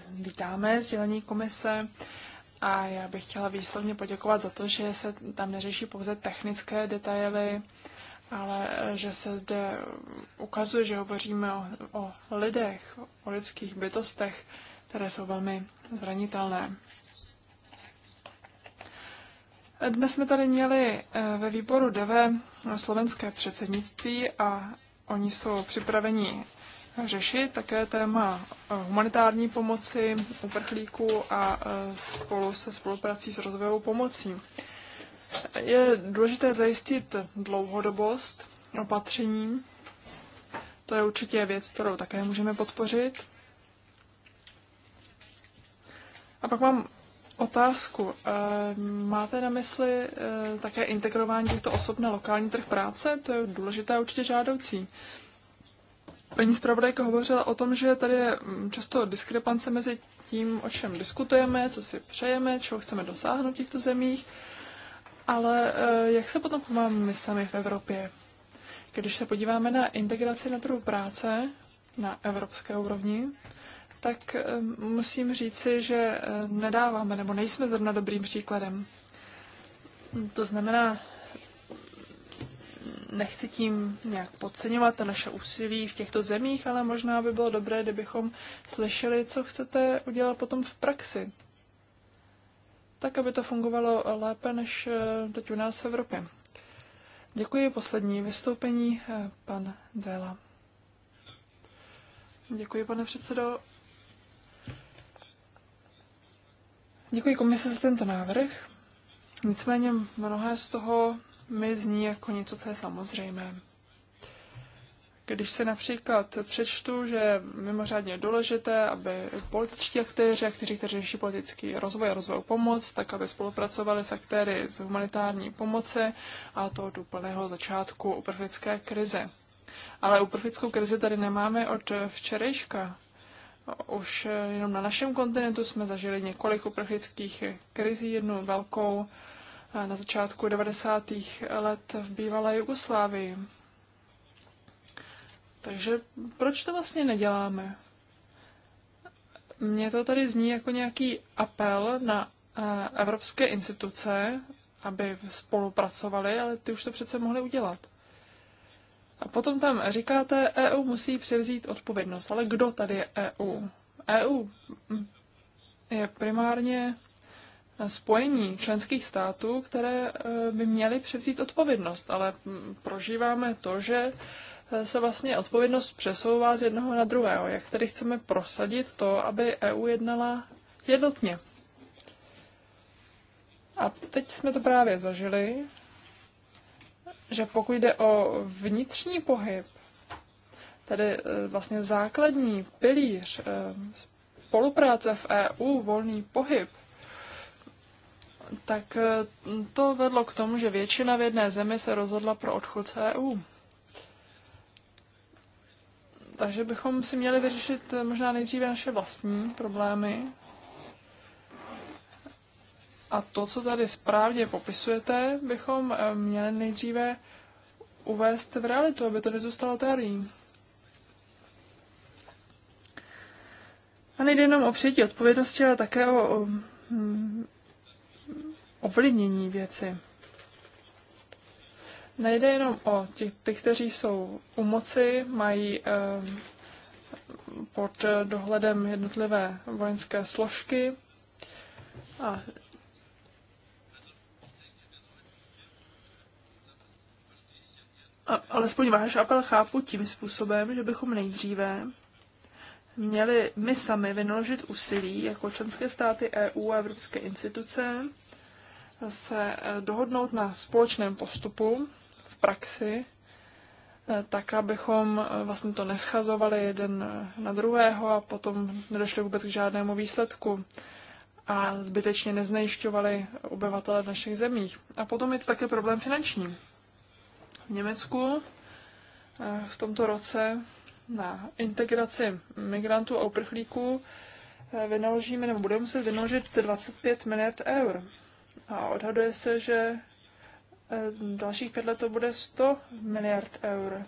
Vítáme sdělení komise. A já bych chtěla výslovně poděkovat za to, že se tam neřeší pouze technické detaily, ale eh, že se zde ukazuje, že hovoříme o, o lidech, o lidských bytostech, které jsou velmi zranitelné. Dnes jsme tady měli eh, ve výboru DEVE slovenské předsednictví a oni jsou připraveni řešit také téma eh, humanitární pomoci uprchlíků a eh, spolu se spoluprací s rozvojovou pomocí. Je důležité zajistit dlouhodobost opatření. To je určitě věc, kterou také můžeme podpořit. A pak mám otázku. Eh, máte na mysli také integrování těchto osob na lokální trh práce? To je důležité a určitě žádoucí. Paní zpravodajka hovořila o tom, že tady je mm, často diskrepance mezi tím, o čem diskutujeme, co si přejeme, čeho chceme dosáhnout v těchto zemích, ale eh, jak se potom pomáháme my sami v Evropě? Když se podíváme na integraci na trhu práce na evropské úrovni, tak eh, musím říci, že eh, nedáváme nebo nejsme zrovna dobrým příkladem. To znamená, nechci tím nějak podceňovat naše úsilí v těchto zemích, ale možná by bylo dobré, kdybychom slyšeli, co chcete udělat potom v praxi. Tak, aby to fungovalo lépe než eh, teď u nás v Evropě. Děkuji. Poslední vystoupení, eh, pan Zéla. Děkuji, pane předsedo. Děkuji komise za tento návrh. Nicméně mnohé z toho mi zní jako něco, co je samozřejmé. Když se například přečtu, že je mimořádně důležité, aby političtí aktéři, kteří, řeší politický rozvoj a rozvoj pomoc, tak aby spolupracovali s aktéry z humanitární pomoci a to od úplného začátku uprchlické krize. Ale uprchlickou krizi tady nemáme od včerejška. Už jenom na našem kontinentu jsme zažili několik uprchlických krizí, jednu velkou na začátku 90. let v bývalé Jugoslávii. Takže proč to vlastně neděláme? Mně to tady zní jako nějaký apel na eh, evropské instituce, aby spolupracovali, ale ty už to přece mohli udělat. A potom tam říkáte, EU musí převzít odpovědnost. Ale kdo tady je EU? EU je primárně spojení členských států, které eh, by měly převzít odpovědnost, ale mm, prožíváme to, že eh, se vlastně odpovědnost přesouvá z jednoho na druhého. Jak tedy chceme prosadit to, aby EU jednala jednotně? A teď jsme to právě zažili, že pokud jde o vnitřní pohyb, tedy eh, vlastně základní pilíř spolupráce v EU, volný pohyb, tak eh, to vedlo k tomu, že většina v jedné zemi se rozhodla pro odchod z EU. Takže bychom si měli vyřešit eh, možná nejdříve naše vlastní problémy. A to, co tady správně popisujete, bychom eh, měli nejdříve uvést v realitu, aby to nezůstalo teorií. A nejde jenom o přijetí odpovědnosti, ale také o, o mm, ovlivnění věci. Nejde jenom o ty, ty kteří jsou u moci, mají eh, pod dohledem jednotlivé vojenské složky a alespoň váš apel chápu tím způsobem, že bychom nejdříve měli my sami vynaložit úsilí jako členské státy EU a evropské instituce se eh, dohodnout na společném postupu v praxi, eh, tak abychom eh, vlastně to neschazovali jeden na druhého a potom nedošli vůbec k žádnému výsledku a zbytečně neznejišťovali obyvatele v našich zemích. A potom je to také problém finanční. V Německu v tomto roce na integraci migrantů a uprchlíků vynaložíme nebo budeme muset vynaložit 25 miliard eur. A odhaduje se, že eh, dalších pět let to bude 100 miliard eur.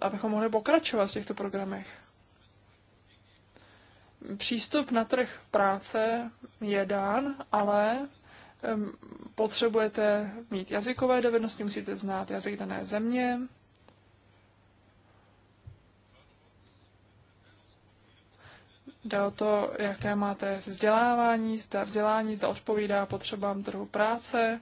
Abychom mohli pokračovat v těchto programech. Přístup na trh práce je dán, ale potřebujete mít jazykové dovednosti, musíte znát jazyk dané země, Jde o to, jaké máte vzdělávání, zda vzdělání, zda odpovídá potřebám trhu práce.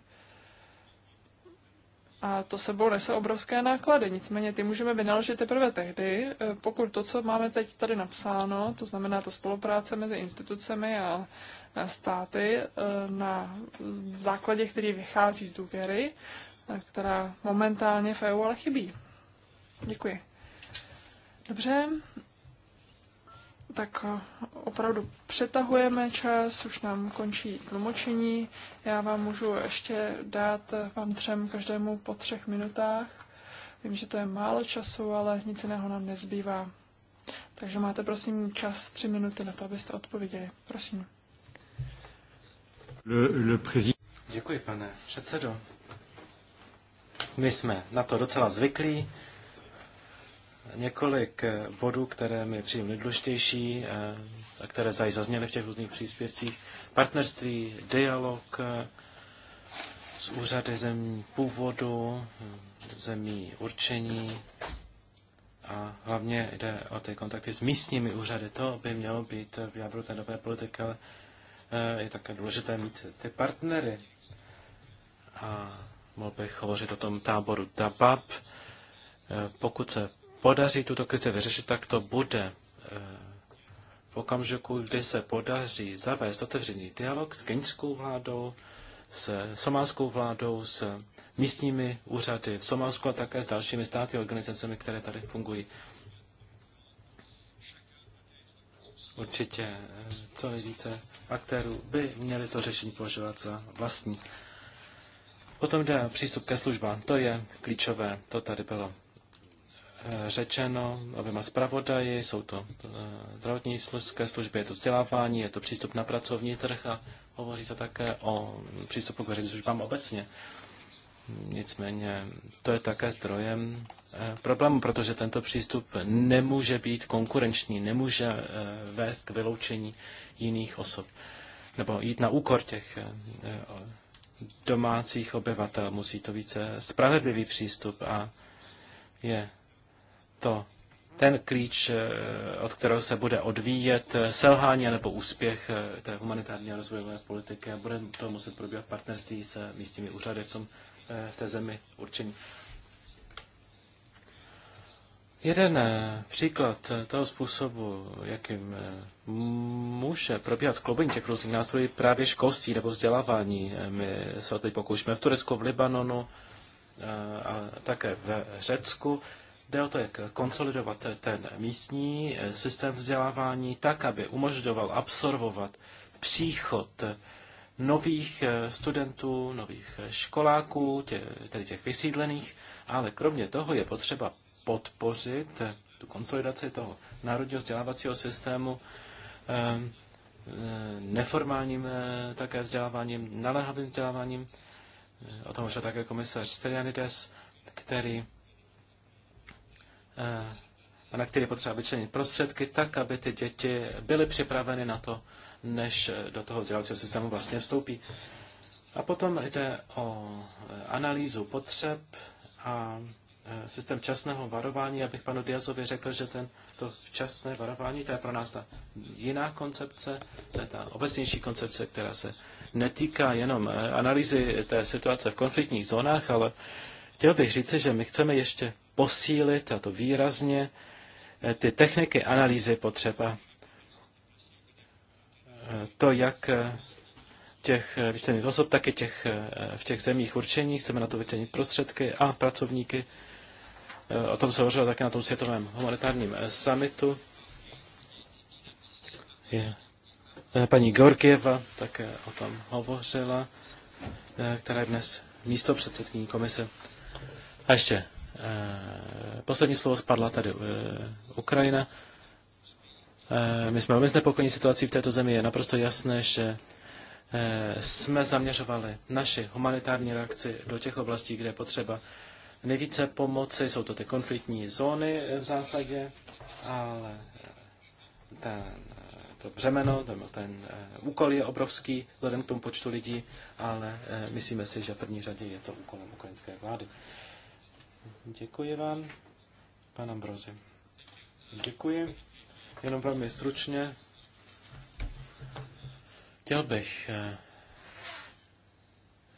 A to sebou nese obrovské náklady. Nicméně ty můžeme vynaložit teprve tehdy, eh, pokud to, co máme teď tady napsáno, to znamená to spolupráce mezi institucemi a státy eh, na základě, který vychází z důvěry, eh, která momentálně v EU ale chybí. Děkuji. Dobře, tak eh, opravdu přetahujeme čas, už nám končí tlumočení. Já vám můžu ještě dát eh, vám třem každému po třech minutách. Vím, že to je málo času, ale nic jiného nám nezbývá. Takže máte prosím čas tři minuty na to, abyste odpověděli. Prosím. Le, le président. Děkuji, pane předsedo. My jsme na to docela zvyklí několik eh, bodů, které mi přijím nejdůležitější eh, a které tady zazněly v těch různých příspěvcích. Partnerství, dialog eh, s úřady zemí původu, hm, zemí určení a hlavně jde o ty kontakty s místními úřady. To by mělo být v jádru té dobré politiky, ale je také důležité mít ty partnery. A mohl bych hovořit o tom táboru DABAP. Pokud se podaří tuto krizi vyřešit, tak to bude eh, v okamžiku, kdy se podaří zavést otevřený dialog s keňskou vládou, s somálskou vládou, s místními úřady v Somálsku a také s dalšími státy a organizacemi, které tady fungují. Určitě eh, co nejvíce aktérů by měli to řešení považovat za vlastní. Potom jde přístup ke službám. To je klíčové, to tady bylo řečeno oběma zpravodaji, jsou to eh, zdravotní služské služby, je to vzdělávání, je to přístup na pracovní trh a hovoří se také o přístupu k veřejným službám obecně. Nicméně to je také zdrojem eh, problému, protože tento přístup nemůže být konkurenční, nemůže eh, vést k vyloučení jiných osob nebo jít na úkor těch domácích obyvatel. Musí to být spravedlivý přístup a je to ten klíč, eh, od kterého se bude odvíjet eh, selhání nebo úspěch eh, té humanitární a rozvojové politiky a bude to muset probíhat partnerství se místními úřady v, tom, v té zemi určení. Jeden příklad toho způsobu, jakým může probíhat sklobení těch různých nástrojů, právě školství nebo vzdělávání. My se o to pokoušíme v Turecku, v Libanonu, a také v Řecku. Jde o to, jak konsolidovat ten místní eh, systém vzdělávání tak, aby umožňoval absorbovat příchod eh, nových eh, studentů, nových školáků, tě, tedy těch vysídlených, ale kromě toho je potřeba podpořit tu konsolidaci toho národního vzdělávacího systému ehm, neformálním také vzděláváním, naléhavým vzděláváním. O tom už také komisař Stelianides, který Eh, na který potřeba vyčlenit prostředky, tak, aby ty děti byly připraveny na to, než eh, do toho vzdělávacího systému vlastně vstoupí. A potom jde o eh, analýzu potřeb a systém časného varování. Já bych panu Diazovi řekl, že ten, to včasné varování, to je pro nás ta jiná koncepce, to je ta obecnější koncepce, která se netýká jenom analýzy té situace v konfliktních zónách, ale chtěl bych říci, že my chceme ještě posílit, a to výrazně, eh, ty techniky analýzy potřeba. Eh, to, jak eh, těch výsledných osob, tak i těch, v těch zemích určení. Chceme na to vytěnit prostředky a pracovníky. O tom se hovořilo také na tom světovém humanitárním summitu. Je. Paní Georgieva také o tom hovořila, která je dnes místo předsedkyní komise. A ještě Eh, poslední slovo spadla tady eh, Ukrajina. Eh, my jsme velmi znepokojení situací v této zemi. Je naprosto jasné, že jsme zaměřovali naši humanitární reakci do těch oblastí, kde je potřeba nejvíce pomoci. Jsou to ty konfliktní zóny v zásadě, ale ten, to břemeno, ten, ten úkol je obrovský vzhledem k tomu počtu lidí, ale myslíme si, že v první řadě je to úkolem ukrajinské vlády. Děkuji vám, pan Ambrozi. Děkuji. Jenom velmi stručně. Chtěl bych eh,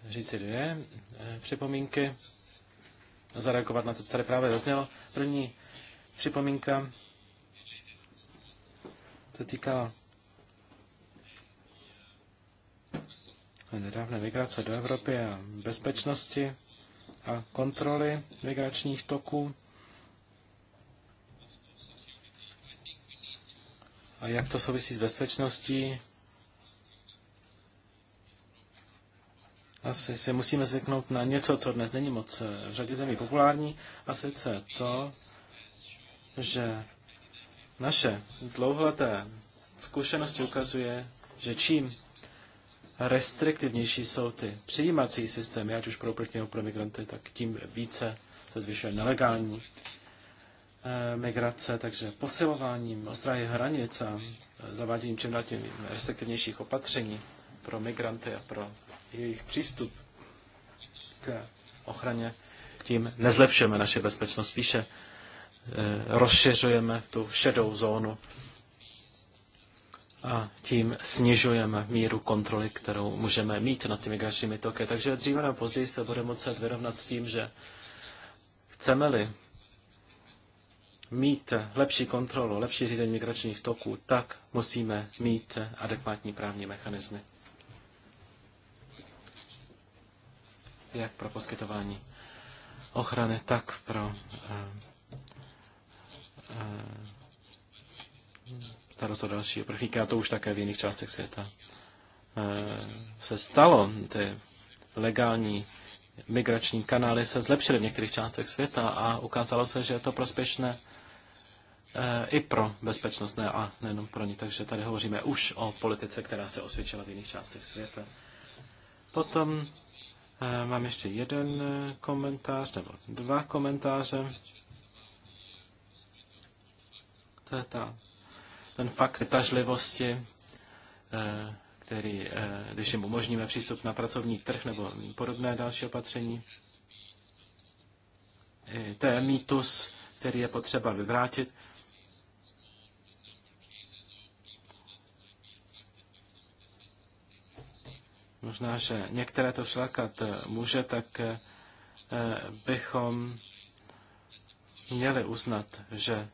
říci dvě eh, připomínky a zareagovat na to, co tady právě zaznělo. První připomínka se týkala nedávné migrace do Evropy a bezpečnosti a kontroly migračních toků. A jak to souvisí s bezpečností? Asi se musíme zvyknout na něco, co dnes není moc eh, v řadě zemí populární, a sice to, že naše dlouholeté zkušenosti ukazuje, že čím restriktivnější jsou ty přijímací systémy, ať už pro uprchlíky pro migranty, tak tím více se zvyšuje nelegální eh, migrace, takže posilováním ostrahy hranic a eh, zaváděním čím dál tím restriktivnějších opatření pro migranty a pro jejich přístup k ochraně, tím nezlepšujeme naše bezpečnost, spíše eh, rozšiřujeme tu šedou zónu a tím snižujeme míru kontroly, kterou můžeme mít nad těmi migračními toky. Takže dříve nebo později se bude muset vyrovnat s tím, že chceme-li mít lepší kontrolu, lepší řízení migračních toků, tak musíme mít adekvátní právní mechanismy. Jak pro poskytování ochrany, tak pro eh, eh, starost o další uprchlíky, a to už také v jiných částech světa eh, se stalo. Ty legální migrační kanály se zlepšily v některých částech světa a ukázalo se, že je to prospěšné eh, i pro bezpečnost, ne a nejenom pro ní. Takže tady hovoříme už o politice, která se osvědčila v jiných částech světa. Potom eh, mám ještě jeden komentář, nebo dva komentáře. To je ta ten fakt tažlivosti, eh, který, eh, když jim umožníme přístup na pracovní trh nebo podobné další opatření. To je mýtus, který je potřeba vyvrátit. Možná, že některé to všelakat eh, může, tak bychom měli uznat, že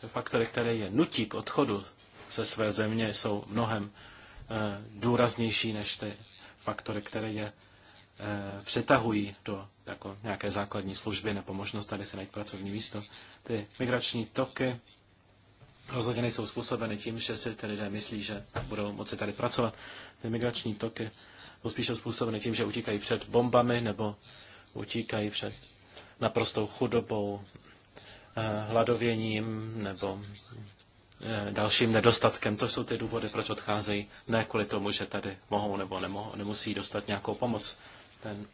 ty faktory, které je nutí k odchodu ze své země, jsou mnohem eh, důraznější než ty faktory, které je eh, přitahují do jako nějaké základní služby nebo možnost tady se najít pracovní místo. Ty migrační toky rozhodně nejsou způsobeny tím, že si ty lidé myslí, že budou moci tady pracovat. Ty migrační toky jsou spíše způsobeny tím, že utíkají před bombami nebo utíkají před naprostou chudobou Eh, hladověním nebo eh, dalším nedostatkem. To jsou ty důvody, proč odcházejí. Ne kvůli tomu, že tady mohou nebo nemohou, nemusí dostat nějakou pomoc. Ten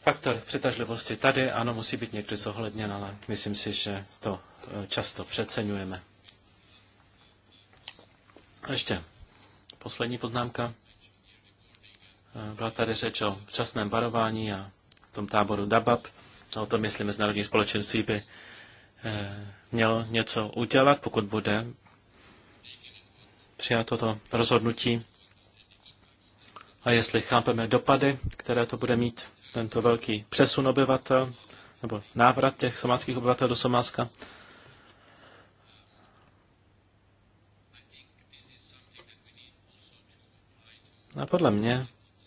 faktor přitažlivosti tady, ano, musí být někdy zohledněn, ale myslím si, že to eh, často přeceňujeme. A ještě poslední poznámka. Byla tady řeč o včasném varování a v tom táboru dabab o no, tom, jestli mezinárodní společenství by eh, mělo něco udělat, pokud bude přijat toto rozhodnutí a jestli chápeme dopady, které to bude mít tento velký přesun obyvatel nebo návrat těch somáckých obyvatel do Somáska, A podle mě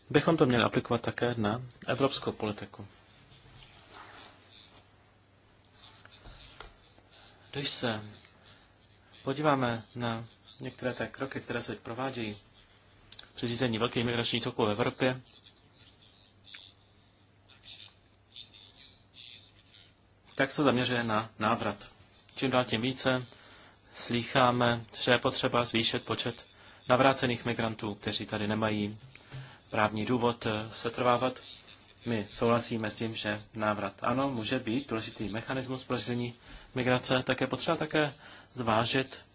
bychom to měli aplikovat také na evropskou politiku. Když se podíváme na některé té kroky, které se provádějí při řízení velkých migračních toků v Evropě, tak se zaměřuje na návrat. Čím dál tím více slýcháme, že je potřeba zvýšit počet navrácených migrantů, kteří tady nemají právní důvod setrvávat. My souhlasíme s tím, že návrat ano, může být důležitý mechanismus pro řízení migrace, tak je potřeba také zvážit,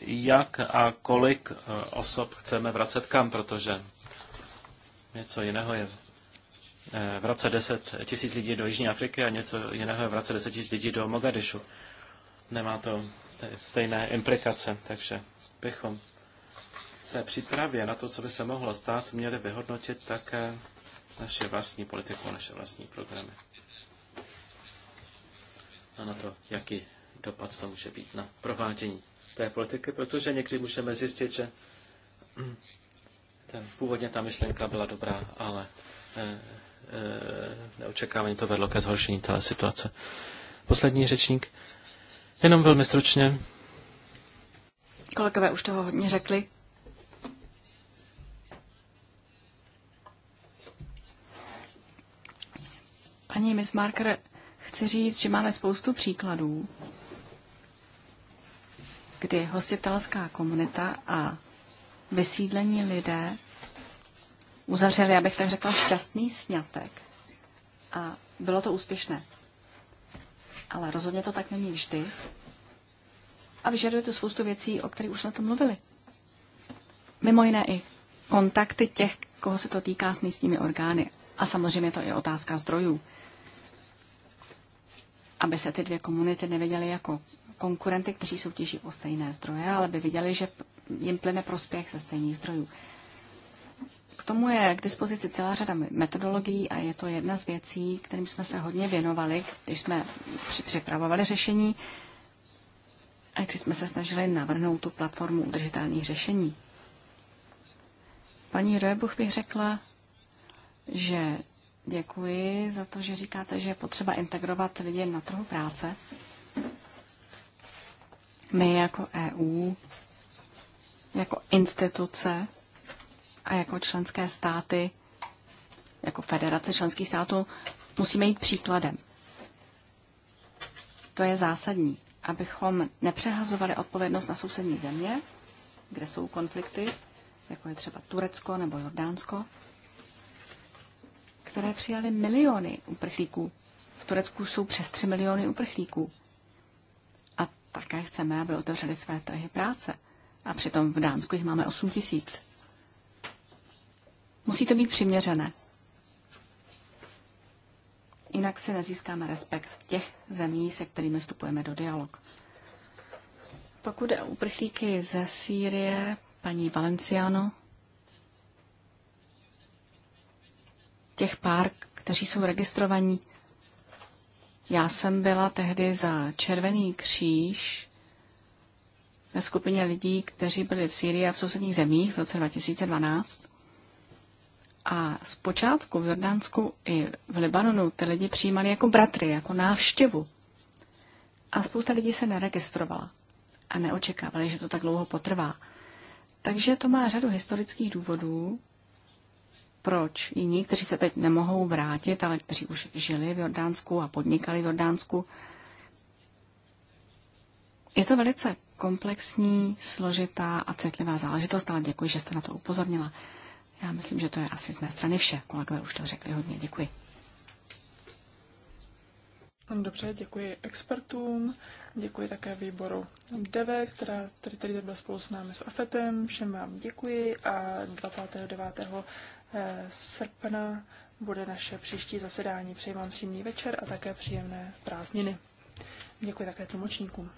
jak a kolik eh, osob chceme vracet kam, protože něco jiného je eh, vracet 10 tisíc lidí do Jižní Afriky a něco jiného je vracet 10 tisíc lidí do Mogadišu. Nemá to stejné implikace, takže bychom té přípravě na to, co by se mohlo stát, měli vyhodnotit také naše vlastní politiku naše vlastní programy. A na to, jaký dopad to může být na provádění té politiky, protože někdy můžeme zjistit, že [CLEARS THROAT] ten, původně ta myšlenka byla dobrá, ale e, e, neočekávání to vedlo ke zhoršení té situace. Poslední řečník, jenom velmi stručně. Kolegové už toho hodně řekli. Paní Miss Marker, chci říct, že máme spoustu příkladů, kdy hostitelská komunita a vysídlení lidé uzavřeli, abych tak řekla, šťastný snětek. A bylo to úspěšné. Ale rozhodně to tak není vždy. A vyžaduje to spoustu věcí, o kterých už jsme tu mluvili. Mimo jiné i kontakty těch, koho se to týká s místními orgány. A samozřejmě to je otázka zdrojů aby se ty dvě komunity neviděly jako konkurenty, kteří soutěží o stejné zdroje, ale by viděli, že jim plyne prospěch ze stejných zdrojů. K tomu je k dispozici celá řada metodologií a je to jedna z věcí, kterým jsme se hodně věnovali, když jsme připravovali řešení a když jsme se snažili navrhnout tu platformu udržitelných řešení. Paní Rojebuch bych řekla, že Děkuji za to, že říkáte, že je potřeba integrovat lidi na trhu práce. My jako EU, jako instituce a jako členské státy, jako federace členských států, musíme jít příkladem. To je zásadní, abychom nepřehazovali odpovědnost na sousední země, kde jsou konflikty, jako je třeba Turecko nebo Jordánsko, které přijaly miliony uprchlíků. V Turecku jsou přes 3 miliony uprchlíků. A také chceme, aby otevřeli své trhy práce. A přitom v Dánsku jich máme 8 tisíc. Musí to být přiměřené. Jinak si nezískáme respekt těch zemí, se kterými vstupujeme do dialog. Pokud je uprchlíky ze Sýrie, paní Valenciano, těch pár, kteří jsou registrovaní. Já jsem byla tehdy za Červený kříž ve skupině lidí, kteří byli v Sýrii a v sousedních zemích v roce 2012. A zpočátku v Jordánsku i v Libanonu ty lidi přijímali jako bratry, jako návštěvu. A spousta lidí se neregistrovala a neočekávali, že to tak dlouho potrvá. Takže to má řadu historických důvodů, proč jiní, kteří se teď nemohou vrátit, ale kteří už žili v Jordánsku a podnikali v Jordánsku. Je to velice komplexní, složitá a citlivá záležitost, ale děkuji, že jste na to upozornila. Já myslím, že to je asi z mé strany vše. Kolegové už to řekli hodně. Děkuji. Dobře, děkuji expertům, děkuji také výboru DEVE, která tady tady byla spolu s námi s AFETem. Všem vám děkuji a 29 srpna bude naše příští zasedání. Přeji vám příjemný večer a také příjemné prázdniny. Děkuji také tlumočníkům.